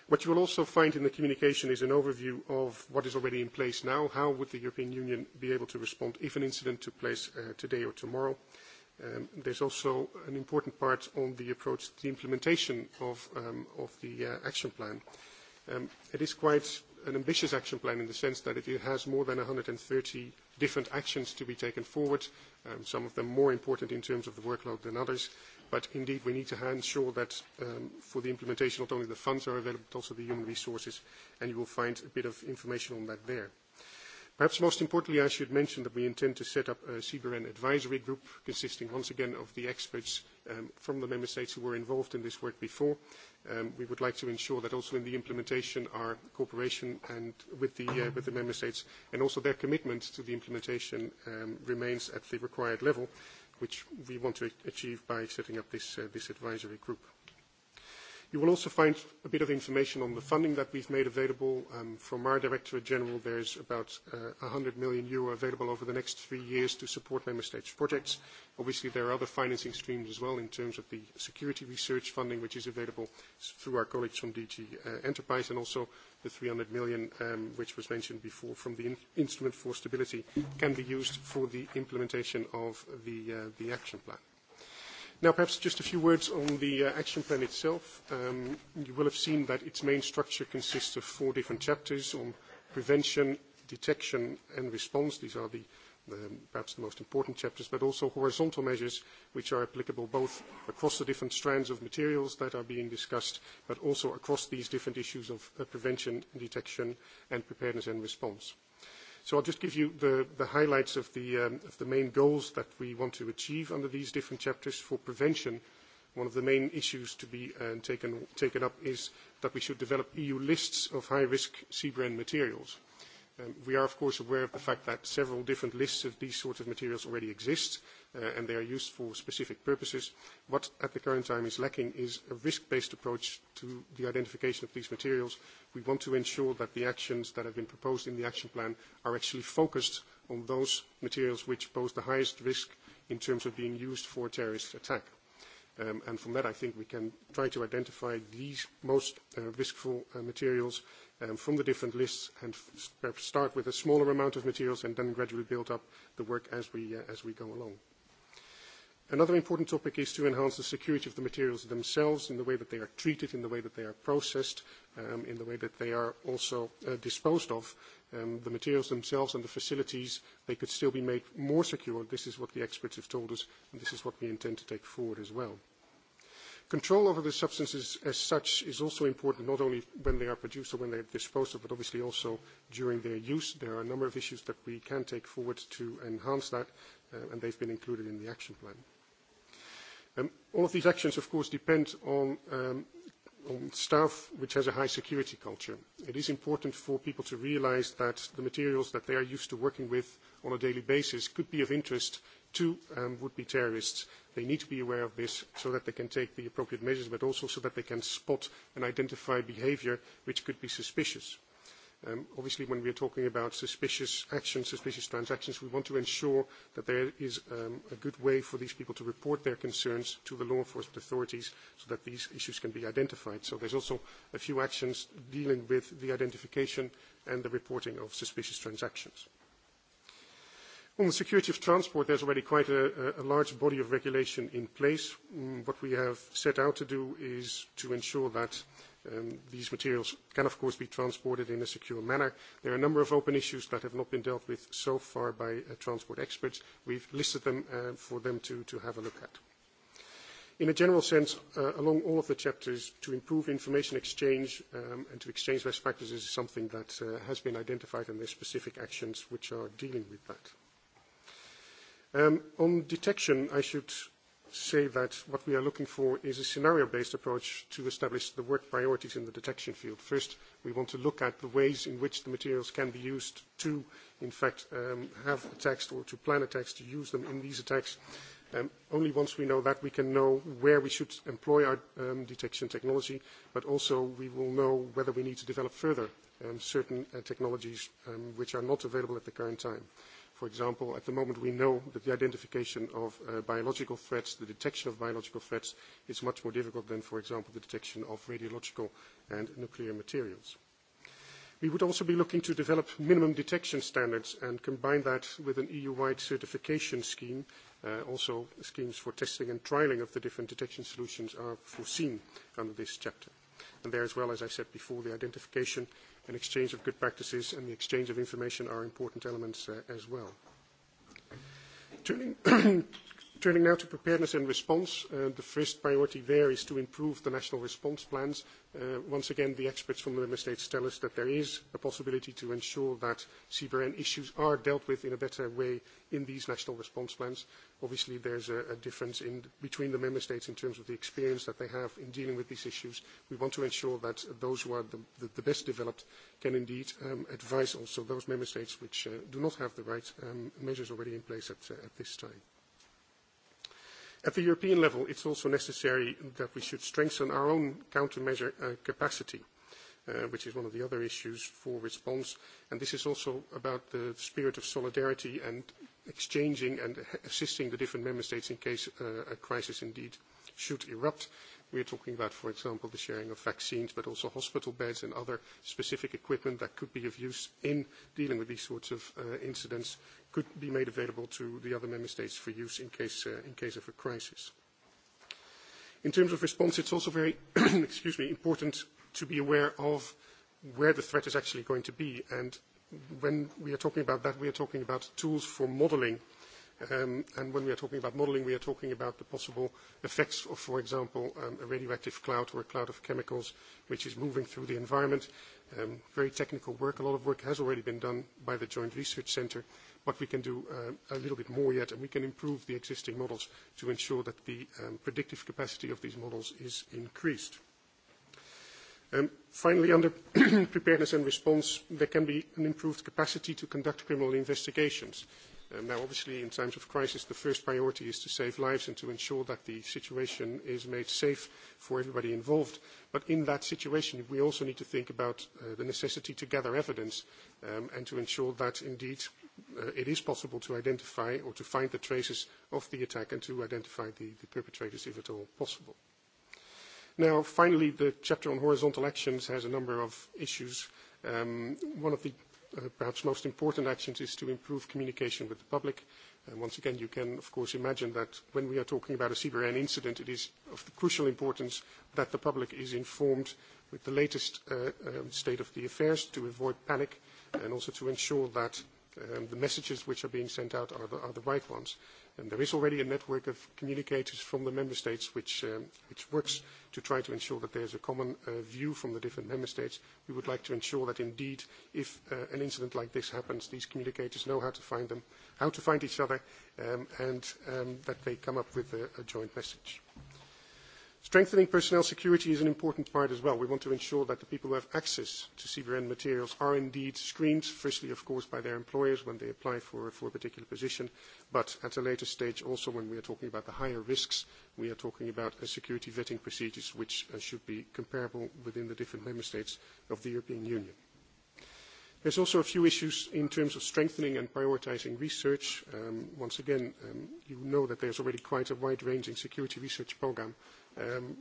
What you will also find in the communication is an overview of what is already in place now. How would the European Union be able to respond if an incident took place uh, today or tomorrow? Um, there's also an important part on the approach to the implementation of, um, of the uh, action plan. Um, it is quite an ambitious action plan in the sense that it has more than 130 different actions to be taken forward, um, some of them more important in terms of the workload than others. But indeed, we need to ensure that um, for the implementation, not only the funds are available, but also the human resources, and you will find a bit of information on that there. Perhaps most importantly, I should mention that we intend to set up a CBRN advisory group consisting once again of the experts um, from the member states who were involved in this work before. Um, we would like to ensure that also in the implementation our cooperation and with the, uh, with the member states and also their commitment to the implementation um, remains at the required level, which we want to achieve by setting up this, uh, this advisory group. You will also find a bit of information on the funding that we've made available. Um, from our Directorate General, there's about uh, 100 million euro available over the next three years to support member states' projects. Obviously, there are other financing streams as well in terms of the security research funding, which is available through our colleagues from DG uh, Enterprise, and also the 300 million, um, which was mentioned before, from the in Instrument for Stability, can be used for the implementation of the, uh, the action plan. Now, perhaps just a few words on the uh, action plan itself. Um, you will have seen that its main structure consists of four different chapters on prevention, detection and response. These are the, the perhaps the most important chapters, but also horizontal measures which are applicable both across the different strands of materials that are being discussed, but also across these different issues of uh, prevention, detection and preparedness and response. So I'll just give you the, the highlights of the, um, of the main goals that we want to achieve under these different chapters for prevention. One of the main issues to be uh, taken, taken up is that we should develop EU lists of high-risk CBRN materials. Um, we are, of course, aware of the fact that several different lists of these sorts of materials already exist, uh, and they are used for specific purposes. What at the current time is lacking is a risk-based approach to the identification of these materials. We want to ensure that the actions that have been proposed in the action plan are actually focused on those materials which pose the highest risk in terms of being used for a terrorist attack. Um, and from that, I think we can try to identify these most uh, riskful uh, materials um, from the different lists and start with a smaller amount of materials and then gradually build up the work as we, uh, as we go along. Another important topic is to enhance the security of the materials themselves in the way that they are treated, in the way that they are processed, um, in the way that they are also uh, disposed of. Um, the materials themselves and the facilities, they could still be made more secure. This is what the experts have told us, and this is what we intend to take forward as well. Control over the substances as such is also important, not only when they are produced or when they are disposed of, but obviously also during their use. There are a number of issues that we can take forward to enhance that, uh, and they've been included in the action plan. Um, all of these actions, of course, depend on, um, on staff which has a high security culture. It is important for people to realize that the materials that they are used to working with on a daily basis could be of interest to um, would-be terrorists. They need to be aware of this so that they can take the appropriate measures, but also so that they can spot and identify behavior which could be suspicious. Um, obviously, when we are talking about suspicious actions, suspicious transactions, we want to ensure that there is um, a good way for these people to report their concerns to the law enforcement authorities so that these issues can be identified. So there's also a few actions dealing with the identification and the reporting of suspicious transactions. On the security of transport, there's already quite a, a large body of regulation in place. Mm, what we have set out to do is to ensure that Um, these materials can, of course, be transported in a secure manner. There are a number of open issues that have not been dealt with so far by uh, transport experts. We've listed them uh, for them to, to have a look at. In a general sense, uh, along all of the chapters, to improve information exchange um, and to exchange best practices is something that uh, has been identified and are specific actions which are dealing with that. Um, on detection, I should say that what we are looking for is a scenario-based approach to establish the work priorities in the detection field. First, we want to look at the ways in which the materials can be used to, in fact, um, have text or to plan a text, to use them in these attacks. Um, only once we know that, we can know where we should employ our um, detection technology, but also we will know whether we need to develop further um, certain uh, technologies um, which are not available at the current time. For example, at the moment we know that the identification of uh, biological threats, the detection of biological threats, is much more difficult than, for example, the detection of radiological and nuclear materials. We would also be looking to develop minimum detection standards and combine that with an EU-wide certification scheme. Uh, also, schemes for testing and trialing of the different detection solutions are foreseen under this chapter. And there as well, as I said before, the identification and exchange of good practices and the exchange of information are important elements uh, as well. Turning Turning now to preparedness and response, uh, the first priority there is to improve the national response plans. Uh, once again, the experts from the member states tell us that there is a possibility to ensure that CBRN issues are dealt with in a better way in these national response plans. Obviously, there's a, a difference in, between the member states in terms of the experience that they have in dealing with these issues. We want to ensure that those who are the, the, the best developed can indeed um, advise also those member states which uh, do not have the right um, measures already in place at, uh, at this time. At the European level, it's also necessary that we should strengthen our own countermeasure uh, capacity, uh, which is one of the other issues for response. And this is also about the spirit of solidarity and exchanging and assisting the different member states in case uh, a crisis indeed should erupt. We are talking about, for example, the sharing of vaccines, but also hospital beds and other specific equipment that could be of use in dealing with these sorts of uh, incidents could be made available to the other member states for use in case, uh, in case of a crisis. In terms of response, it's also very excuse me, important to be aware of where the threat is actually going to be. And when we are talking about that, we are talking about tools for modeling – Um, and when we are talking about modelling, we are talking about the possible effects of, for example, um, a radioactive cloud or a cloud of chemicals which is moving through the environment. Um, very technical work. A lot of work has already been done by the Joint Research Centre, but we can do uh, a little bit more yet, and we can improve the existing models to ensure that the um, predictive capacity of these models is increased. Um, finally, under preparedness and response, there can be an improved capacity to conduct criminal investigations. And now, obviously, in times of crisis, the first priority is to save lives and to ensure that the situation is made safe for everybody involved. But in that situation, we also need to think about uh, the necessity to gather evidence um, and to ensure that, indeed, uh, it is possible to identify or to find the traces of the attack and to identify the, the perpetrators if at all possible. Now, finally, the chapter on horizontal actions has a number of issues. Um, one of the Uh, perhaps most important actions is to improve communication with the public. And once again, you can, of course, imagine that when we are talking about a CBRN incident, it is of the crucial importance that the public is informed with the latest uh, um, state of the affairs to avoid panic and also to ensure that um, the messages which are being sent out are the, are the right ones. And there is already a network of communicators from the member states which, uh, which works to try to ensure that there is a common uh, view from the different member states. We would like to ensure that indeed if uh, an incident like this happens, these communicators know how to find them, how to find each other, um, and um, that they come up with a, a joint message. Strengthening personnel security is an important part as well. We want to ensure that the people who have access to CBRN materials are indeed screened, firstly, of course, by their employers when they apply for, for a particular position, but at a later stage also when we are talking about the higher risks, we are talking about a uh, security vetting procedures which uh, should be comparable within the different member states of the European Union. There's also a few issues in terms of strengthening and prioritizing research. Um, once again, um, you know that there's already quite a wide-ranging security research program um,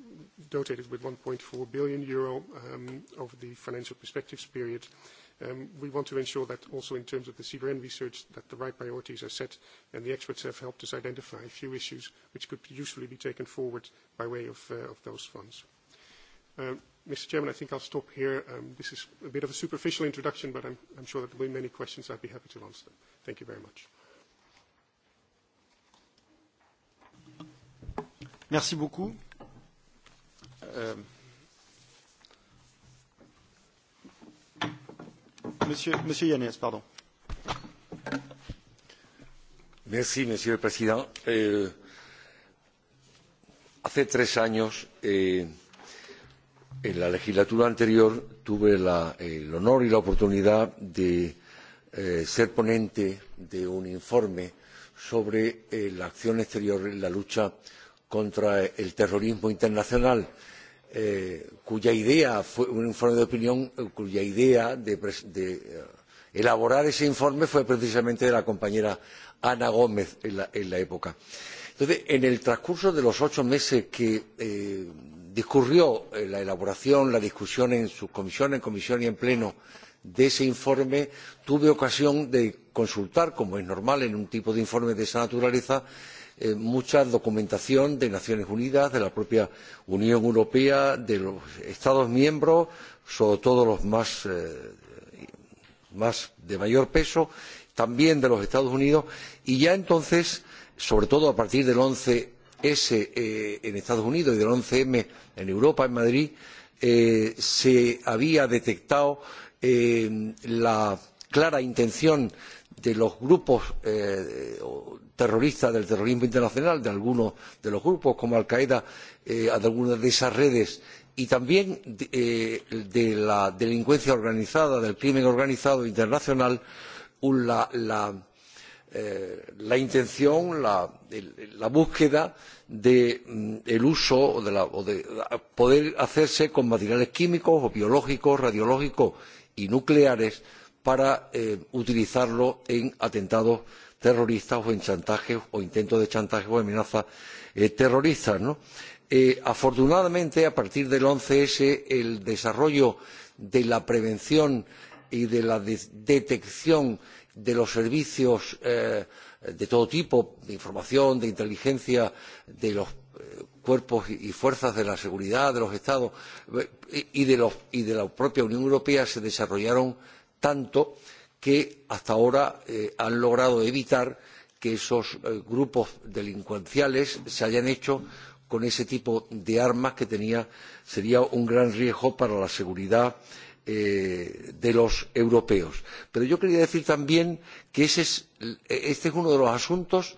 dotated with 1.4 billion euro um, over the financial perspectives period. Um, we want to ensure that also in terms of the CBRN research that the right priorities are set and the experts have helped us identify a few issues which could usefully be taken forward by way of, uh, of those funds. Uh, um, Mr. Chairman, I think I'll stop here. Um, this is a bit of a superficial introduction, but I'm, I'm sure that there will be many questions. I'd be happy to answer them. Thank you very much. Merci beaucoup. Euh, Monsieur, Monsieur pardon. Merci, Monsieur le Président. Eh, hace tres años, eh, en la legislatura anterior, tuve la, el honor y la oportunidad de eh, ser ponente de un informe sobre eh, la acción exterior en la lucha contra el terrorismo internacional. Eh, Eh, cuya idea fue un informe de opinión, eh, cuya idea de, de eh, elaborar ese informe fue precisamente de la compañera Ana Gómez en la, en la época. Entonces, en el transcurso de los ocho meses que eh, discurrió la elaboración, la discusión en sus comisiones, en comisión y en pleno de ese informe, tuve ocasión de consultar, como es normal en un tipo de informe de esa naturaleza, Eh, mucha documentación de las Naciones Unidas, de la propia Unión Europea, de los Estados miembros, sobre todo los más, eh, más de mayor peso, también de los Estados Unidos, y ya entonces, sobre todo a partir del once s eh, en Estados Unidos y del once m en Europa, en Madrid, eh, se había detectado eh, la clara intención de los grupos eh, terroristas del terrorismo internacional, de algunos de los grupos como Al Qaeda, eh, de algunas de esas redes y también de, eh, de la delincuencia organizada, del crimen organizado internacional, la, la, eh, la intención, la, la búsqueda del de, mm, uso o de, la, o de poder hacerse con materiales químicos o biológicos, radiológicos y nucleares para eh, utilizarlo en atentados terroristas o en chantajes o intentos de chantaje o amenazas eh, terroristas. ¿no? Eh, afortunadamente, a partir del once s el desarrollo de la prevención y de la de detección de los servicios eh, de todo tipo, de información, de inteligencia, de los eh, cuerpos y fuerzas de la seguridad de los Estados eh, y de, los, y de la propia Unión Europea se desarrollaron tanto que hasta ahora eh, han logrado evitar que esos eh, grupos delincuenciales se hayan hecho con ese tipo de armas que tenía, sería un gran riesgo para la seguridad eh, de los europeos. Pero yo quería decir también que ese es, este es uno de los asuntos,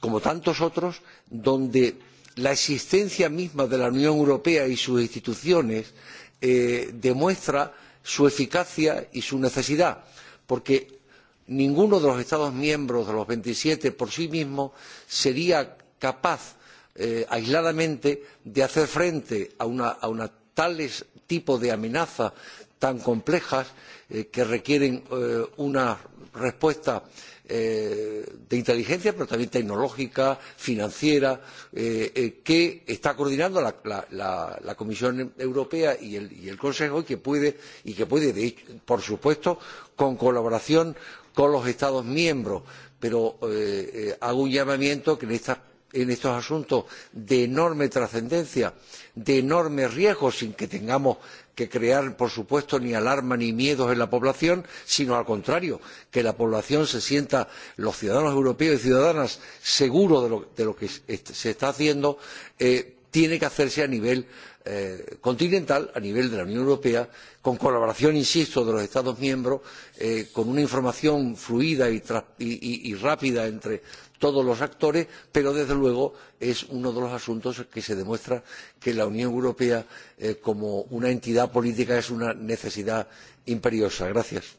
como tantos otros, donde la existencia misma de la Unión Europea y sus instituciones eh, demuestra su eficacia y su necesidad, porque ninguno de los Estados miembros de los veintisiete por sí mismo sería capaz eh, aisladamente de hacer frente a, una, a una tales tipo de amenaza tan complejas eh, que requieren eh, una respuesta eh, de inteligencia, pero también tecnológica, financiera, eh, eh, que está coordinando la, la, la, la Comisión Europea y el, y el Consejo y que puede, y que puede de hecho, por supuesto, con colaboración con los Estados miembros. Pero eh, eh, hago un llamamiento que en estas en estos asuntos de enorme trascendencia, de enorme riesgo, sin que tengamos que crear, por supuesto, ni alarma ni miedos en la población, sino al contrario, que la población se sienta, los ciudadanos europeos y ciudadanas, seguros de lo, de lo que se está haciendo, eh, tiene que hacerse a nivel Eh, continental, a nivel de la Unión Europea, con colaboración, insisto, de los Estados miembros, eh, con una información fluida y, y, y rápida entre todos los actores, pero desde luego es uno de los asuntos que se demuestra que la Unión Europea eh, como una entidad política es una necesidad imperiosa. Gracias.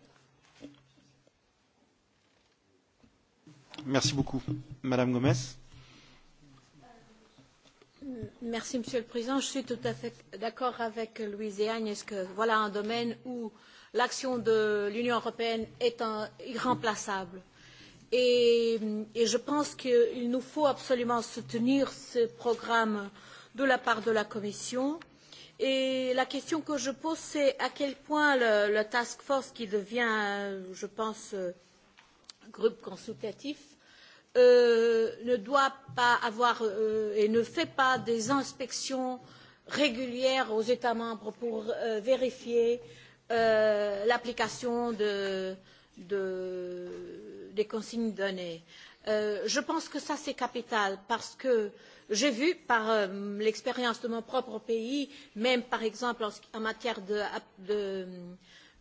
Merci beaucoup. Madame Merci, Monsieur le Président. Je suis tout à fait d'accord avec Louise et Agnès que voilà un domaine où l'action de l'Union européenne est un, irremplaçable. Et, et je pense qu'il nous faut absolument soutenir ce programme de la part de la Commission. Et la question que je pose, c'est à quel point le, le task force qui devient, je pense, euh, groupe consultatif, euh, ne doit pas avoir euh, et ne fait pas des inspections régulières aux États membres pour euh, vérifier euh, l'application de, de, des consignes données. Euh, je pense que ça c'est capital parce que j'ai vu par euh, l'expérience de mon propre pays, même par exemple en, en matière de, de,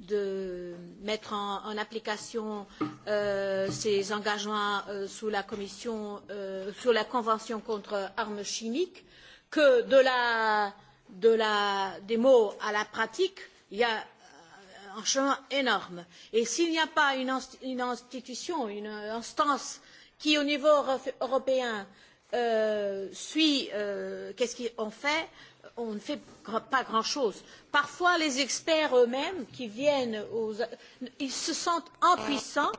de mettre en, en application euh, ces engagements euh, sous la commission, euh, sur la convention contre armes chimiques, que de la, de la, des mots à la pratique, il y a euh, un chemin énorme. Et s'il n'y a pas une, inst une institution, une instance qui, au niveau européen, euh, suit euh, qu'est-ce qu'on fait, euh, on ne fait pas grand-chose. Parfois, les experts eux-mêmes qui viennent, aux, ils se sentent impuissants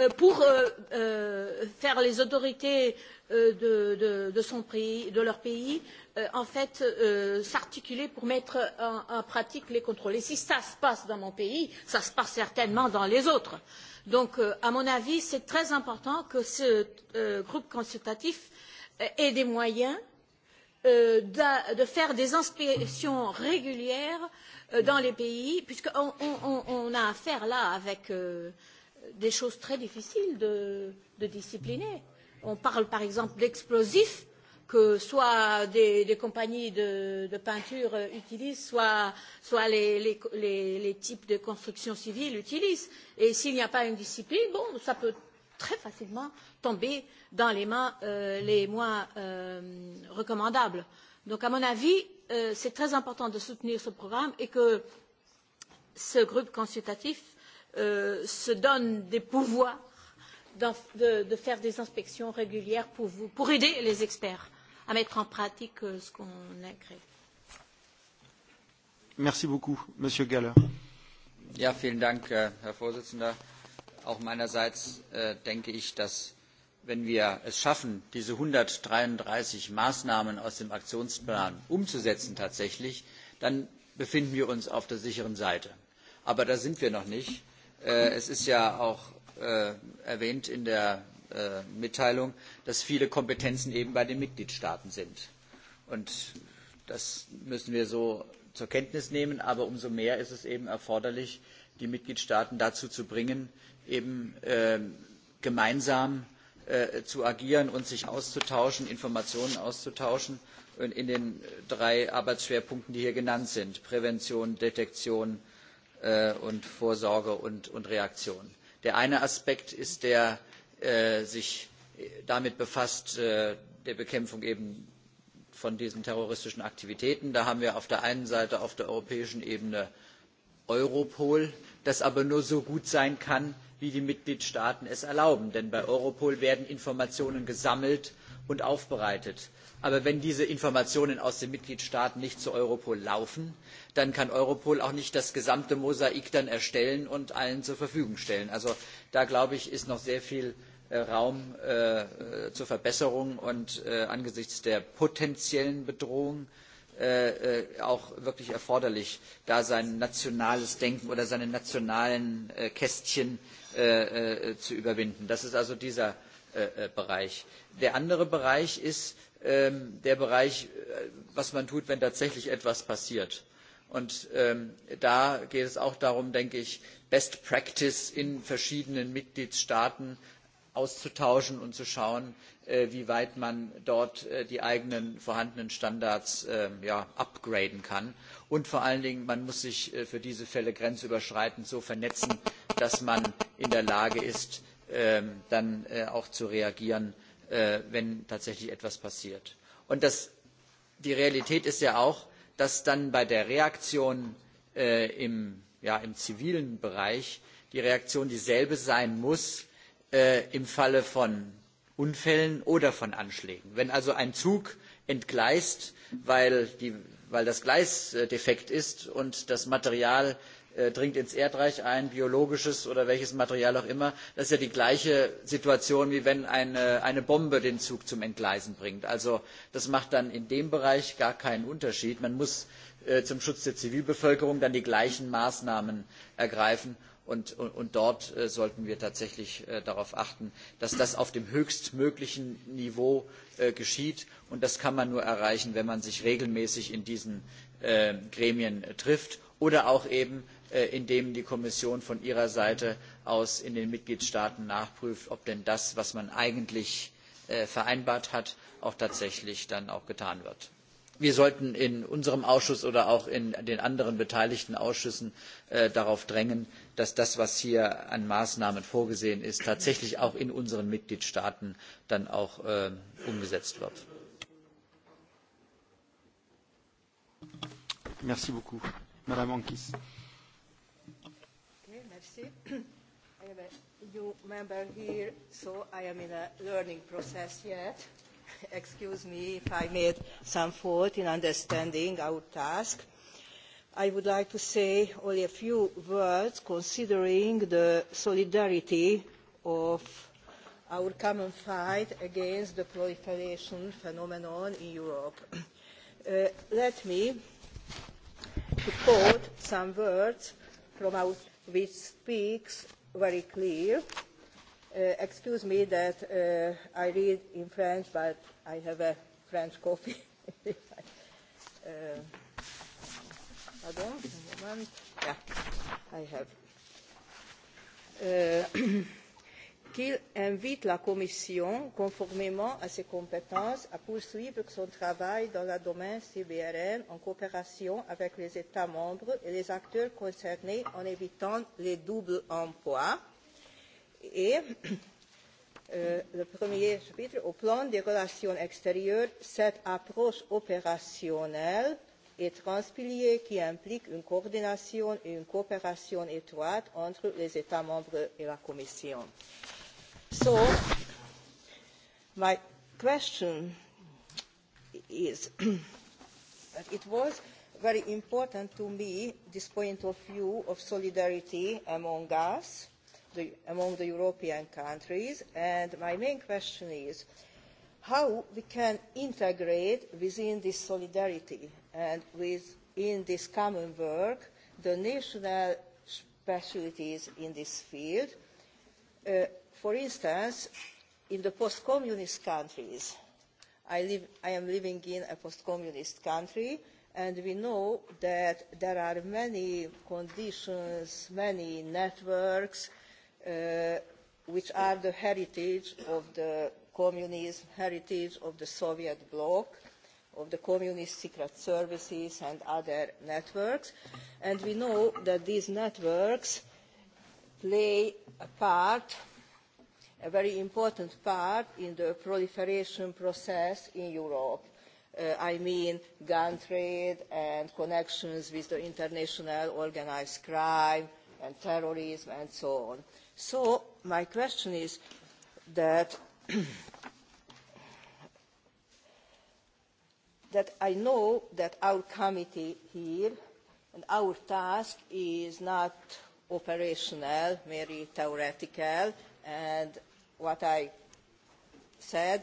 euh, pour euh, euh, faire les autorités de, de, de, son pays, de leur pays en fait s'articuler pour mettre en, en pratique les contrôles. Et si ça se passe dans mon pays, ça se passe certainement dans les autres. Donc, à mon avis, c'est très important que ce groupe consultatif ait des moyens euh, de, de faire des inspections régulières euh, dans les pays, puisqu'on on, on a affaire là avec euh, des choses très difficiles de, de discipliner. On parle par exemple d'explosifs que soit des, des compagnies de, de peinture euh, utilisent, soit, soit les, les, les, les types de construction civile utilisent. Et s'il n'y a pas une discipline, bon, ça peut très facilement tomber dans les, mains, euh, les moins euh, recommandables. Donc, à mon avis, euh, c'est très important de soutenir ce programme et que ce groupe consultatif euh, se donne des pouvoirs de, de faire des inspections régulières pour, vous, pour aider les experts à mettre en pratique euh, ce qu'on a créé. Merci beaucoup, Monsieur Galler. Ja, vielen Dank, äh, Herr Vorsitzender auch meinerseits äh, denke ich, dass wenn wir es schaffen, diese 133 Maßnahmen aus dem Aktionsplan umzusetzen tatsächlich, dann befinden wir uns auf der sicheren Seite. Aber da sind wir noch nicht. Äh, es ist ja auch äh, erwähnt in der äh, Mitteilung, dass viele Kompetenzen eben bei den Mitgliedstaaten sind. Und das müssen wir so zur Kenntnis nehmen, aber umso mehr ist es eben erforderlich, die Mitgliedstaaten dazu zu bringen, eben äh, gemeinsam äh, zu agieren und sich auszutauschen, Informationen auszutauschen in den drei Arbeitsschwerpunkten, die hier genannt sind. Prävention, Detektion äh, und Vorsorge und, und Reaktion. Der eine Aspekt ist der äh, sich damit befasst, äh, der Bekämpfung eben von diesen terroristischen Aktivitäten. Da haben wir auf der einen Seite auf der europäischen Ebene Europol, das aber nur so gut sein kann, wie die Mitgliedstaaten es erlauben. Denn bei Europol werden Informationen gesammelt und aufbereitet. Aber wenn diese Informationen aus den Mitgliedstaaten nicht zu Europol laufen, dann kann Europol auch nicht das gesamte Mosaik dann erstellen und allen zur Verfügung stellen. Also da glaube ich, ist noch sehr viel äh, Raum äh, äh, zur Verbesserung und äh, angesichts der potenziellen Bedrohung äh, äh, auch wirklich erforderlich, da sein nationales Denken oder seine nationalen Kästchen Äh, äh, zu überwinden. Das ist also dieser äh, äh, Bereich. Der andere Bereich ist ähm, der Bereich, äh, was man tut, wenn tatsächlich etwas passiert. Und ähm, da geht es auch darum, denke ich, Best Practice in verschiedenen Mitgliedstaaten auszutauschen und zu schauen, äh, wie weit man dort äh, die eigenen vorhandenen Standards äh, ja, upgraden kann. Und vor allen Dingen, man muss sich äh, für diese Fälle grenzüberschreitend so vernetzen, dass man in der Lage ist, ähm, dann äh, auch zu reagieren, äh, wenn tatsächlich etwas passiert. Und das, die Realität ist ja auch, dass dann bei der Reaktion äh, im, ja, im zivilen Bereich die Reaktion dieselbe sein muss im Falle von Unfällen oder von Anschlägen. Wenn also ein Zug entgleist, weil, die, weil das Gleis defekt ist und das Material Äh, dringt ins Erdreich ein, biologisches oder welches Material auch immer. Das ist ja die gleiche Situation, wie wenn eine, eine Bombe den Zug zum Entgleisen bringt. Also das macht dann in dem Bereich gar keinen Unterschied. Man muss äh, zum Schutz der Zivilbevölkerung dann die gleichen Maßnahmen ergreifen. Und, und, und dort äh, sollten wir tatsächlich äh, darauf achten, dass das auf dem höchstmöglichen Niveau äh, geschieht. Und das kann man nur erreichen, wenn man sich regelmäßig in diesen äh, Gremien äh, trifft oder auch eben Äh, in dem die Kommission von ihrer Seite aus in den Mitgliedstaaten nachprüft, ob denn das, was man eigentlich äh, vereinbart hat, auch tatsächlich dann auch getan wird. Wir sollten in unserem Ausschuss oder auch in den anderen beteiligten Ausschüssen äh, darauf drängen, dass das, was hier an Maßnahmen vorgesehen ist, tatsächlich auch in unseren Mitgliedstaaten dann auch äh, umgesetzt wird. Merci beaucoup. Madame Merci. I am a new member here, so I am in a learning process yet. Excuse me if I made some fault in understanding our task. I would like to say only a few words considering the solidarity of our common fight against the proliferation phenomenon in Europe. Uh, let me to quote some words from our which speaks very clear. Uh, excuse me that uh, I read in French, but I have a French coffee. uh, pardon, a moment. Yeah, I have. Uh, qu'il invite la Commission, conformément à ses compétences, à poursuivre son travail dans le domaine CBRN en coopération avec les États membres et les acteurs concernés en évitant les doubles emplois. Et euh, le premier chapitre, au plan des relations extérieures, cette approche opérationnelle et transpilier qui implique une coordination et une coopération étroite entre les États membres et la Commission. So, my question is that it was very important to me, this point of view of solidarity among us, the, among the European countries, and my main question is how we can integrate within this solidarity and within this common work the national specialties in this field, uh, For instance, in the post-communist countries, I, live, I am living in a post-communist country, and we know that there are many conditions, many networks, uh, which are the heritage of the communism, heritage of the Soviet bloc, of the communist secret services and other networks. And we know that these networks play a part a very important part in the proliferation process in Europe. Uh, I mean gun trade and connections with the international organized crime and terrorism and so on. So my question is that, that I know that our committee here and our task is not operational, merely theoretical, and what I said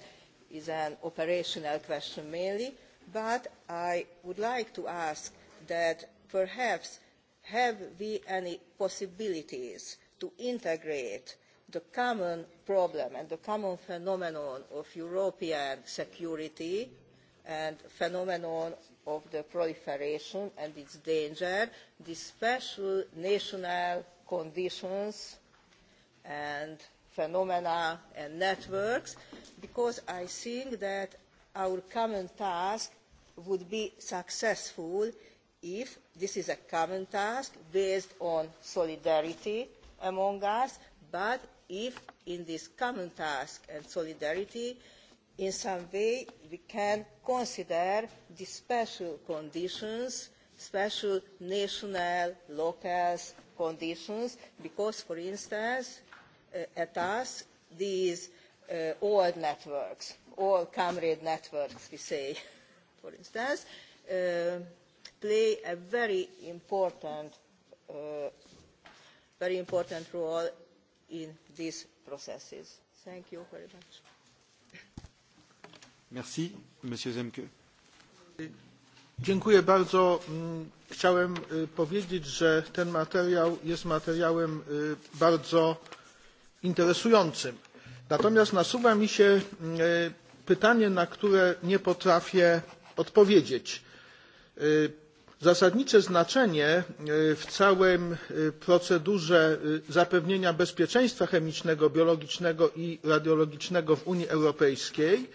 is an operational question mainly, but I would like to ask that perhaps have we any possibilities to integrate the common problem and the common phenomenon of European security and phenomenon of the proliferation and its danger, the special national conditions and phenomena and networks, because I think that our common task would be successful if this is a common task based on solidarity among us, but if in this common task and solidarity, in some way we can consider the special conditions, special national, local conditions, because, for instance, Uh, at us these uh, old networks, old comrade networks, we say, for instance, uh, play a very important, uh, very important role in these processes. Thank you very much. Merci, Monsieur Zemke. Dziękuję bardzo. Mm, chciałem powiedzieć, że ten materiał jest materiałem bardzo interesującym. Natomiast nasuwa mi się e, pytanie, na które nie potrafię odpowiedzieć. E, zasadnicze znaczenie e, w całym procedurze zapewnienia bezpieczeństwa chemicznego, biologicznego i radiologicznego w Unii Europejskiej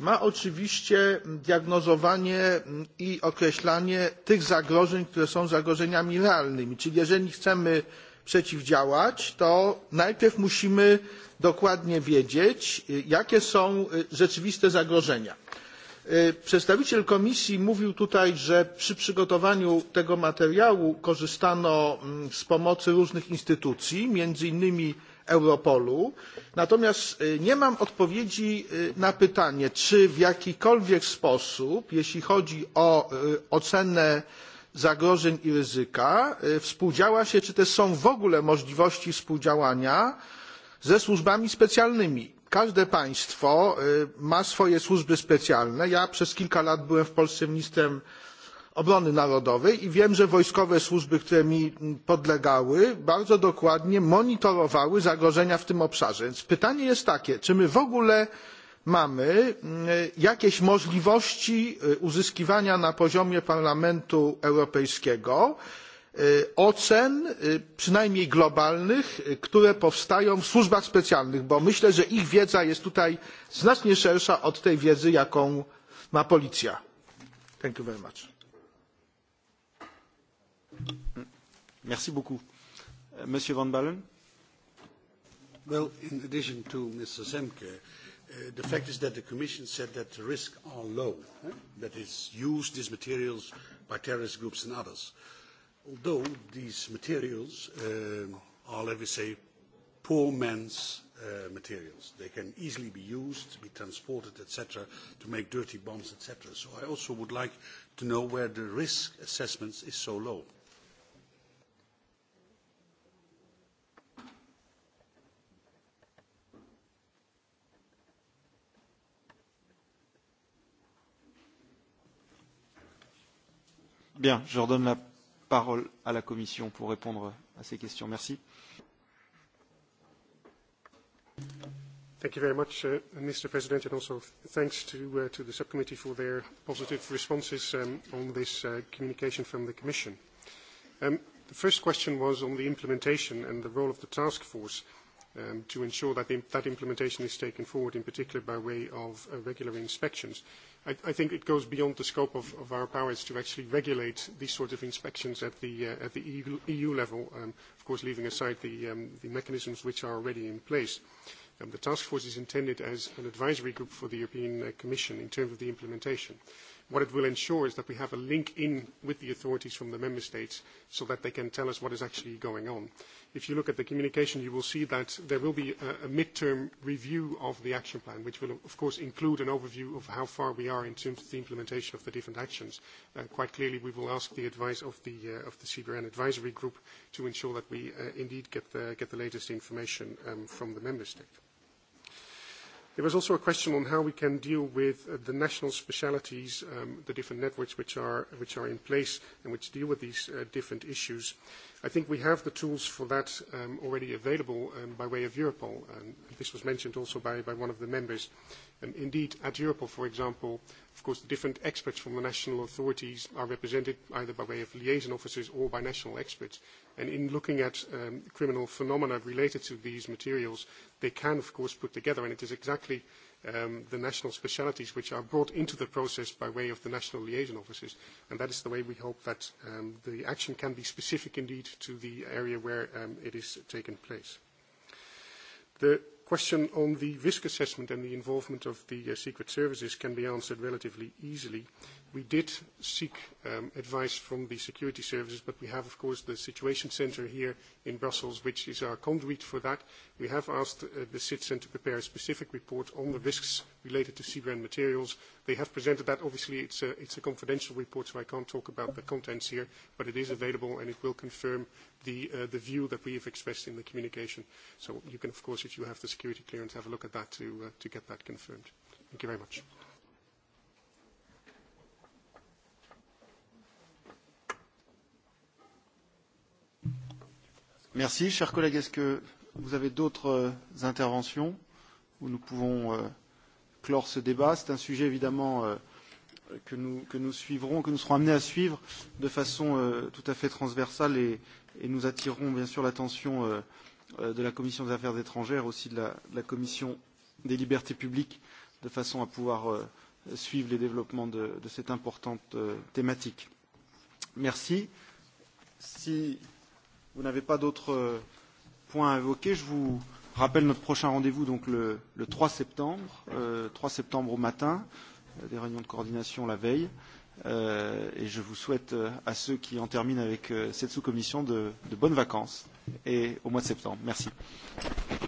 ma oczywiście diagnozowanie mm, i określanie tych zagrożeń, które są zagrożeniami realnymi. Czyli jeżeli chcemy przeciwdziałać, to najpierw musimy dokładnie wiedzieć, jakie są rzeczywiste zagrożenia. Przedstawiciel Komisji mówił tutaj, że przy przygotowaniu tego materiału korzystano mm, z pomocy różnych instytucji, między innymi Europolu. Natomiast nie mam odpowiedzi na pytanie, czy w jakikolwiek sposób, jeśli chodzi o ocenę zagrożeń i ryzyka współdziała się, czy też są w ogóle możliwości współdziałania ze służbami specjalnymi. Każde państwo ma swoje służby specjalne. Ja przez kilka lat byłem w Polsce ministrem obrony narodowej i wiem, że wojskowe służby, które mi podlegały, bardzo dokładnie monitorowały zagrożenia w tym obszarze. Więc pytanie jest takie, czy my w ogóle mamy mm, jakieś możliwości uzyskiwania na poziomie Parlamentu Europejskiego ocen, przynajmniej globalnych, które powstają w służbach specjalnych, bo myślę, że ich wiedza jest tutaj znacznie szersza od tej wiedzy, jaką ma policja. Thank you very much. Merci beaucoup. Monsieur Van Balen? Well, in addition to Mr. Semke, Uh, the fact is that the Commission said that the risks are low, eh? that it's used, these materials, by terrorist groups and others. Although these materials uh, are, let me say, poor men's uh, materials. They can easily be used, be transported, etc., to make dirty bombs, etc. So I also would like to know where the risk assessment is so low. Bien, je redonne la parole à la Commission pour répondre à ces questions. Merci. Thank you very much, uh, Mr. President, and also thanks to, uh, to the subcommittee for their positive responses um, on this uh, communication from the Commission. Um, the first question was on the implementation and the role of the task force um, to ensure that the, that implementation is taken forward, in particular by way of uh, regular inspections. I, I think it goes beyond the scope of, of our powers to actually regulate these sort of inspections at the, uh, at the EU, EU level, um, of course leaving aside the, um, the mechanisms which are already in place. Um, the task force is intended as an advisory group for the European uh, Commission in terms of the implementation. What it will ensure is that we have a link in with the authorities from the member states so that they can tell us what is actually going on. If you look at the communication, you will see that there will be a, a midterm review of the action plan, which will, of course, include an overview of how far we are in terms of the implementation of the different actions. Uh, quite clearly, we will ask the advice of the, uh, of the CBRN advisory group to ensure that we uh, indeed get the, get the latest information um, from the member state. There was also a question on how we can deal with uh, the national specialities, um, the different networks which are, which are in place and which deal with these uh, different issues. I think we have the tools for that um, already available um, by way of Europol. Um, this was mentioned also by, by one of the members. Um, indeed, at Europol, for example, of course, the different experts from the national authorities are represented either by way of liaison officers or by national experts. And in looking at um, criminal phenomena related to these materials, they can, of course, put together, and it is exactly – um, the national specialities which are brought into the process by way of the national liaison offices. And that is the way we hope that um, the action can be specific indeed to the area where um, it is taking place. The question on the risk assessment and the involvement of the uh, Secret Services can be answered relatively easily. We did seek um, advice from the security services, but we have, of course, the Situation Center here in Brussels, which is our conduit for that. We have asked uh, the CITSEN to prepare a specific report on the risks related to CBRN materials. They have presented that. Obviously, it's a, it's a confidential report, so I can't talk about the contents here, but it is available, and it will confirm the, uh, the view that we have expressed in the communication. So you can, of course, if you have the security clearance, have a look at that to, uh, to get that confirmed. Thank you very much. Merci. Cher collègue, est-ce que vous avez d'autres euh, interventions où nous pouvons euh, clore ce débat C'est un sujet évidemment euh, que, nous, que nous suivrons, que nous serons amenés à suivre de façon tout à fait transversale et, et nous attirerons bien sûr l'attention de la Commission des affaires étrangères, aussi de la, de la Commission des libertés publiques, de façon à pouvoir suivre les développements de, de cette importante thématique. Merci. Si vous n'avez pas d'autres euh, points à évoquer, je vous rappelle notre prochain rendez-vous donc le, le 3 septembre, euh, 3 septembre au matin, euh, des réunions de coordination la veille. Euh, et je vous souhaite euh, à ceux qui en terminent avec cette sous-commission de, de bonnes vacances et au mois de septembre. Merci.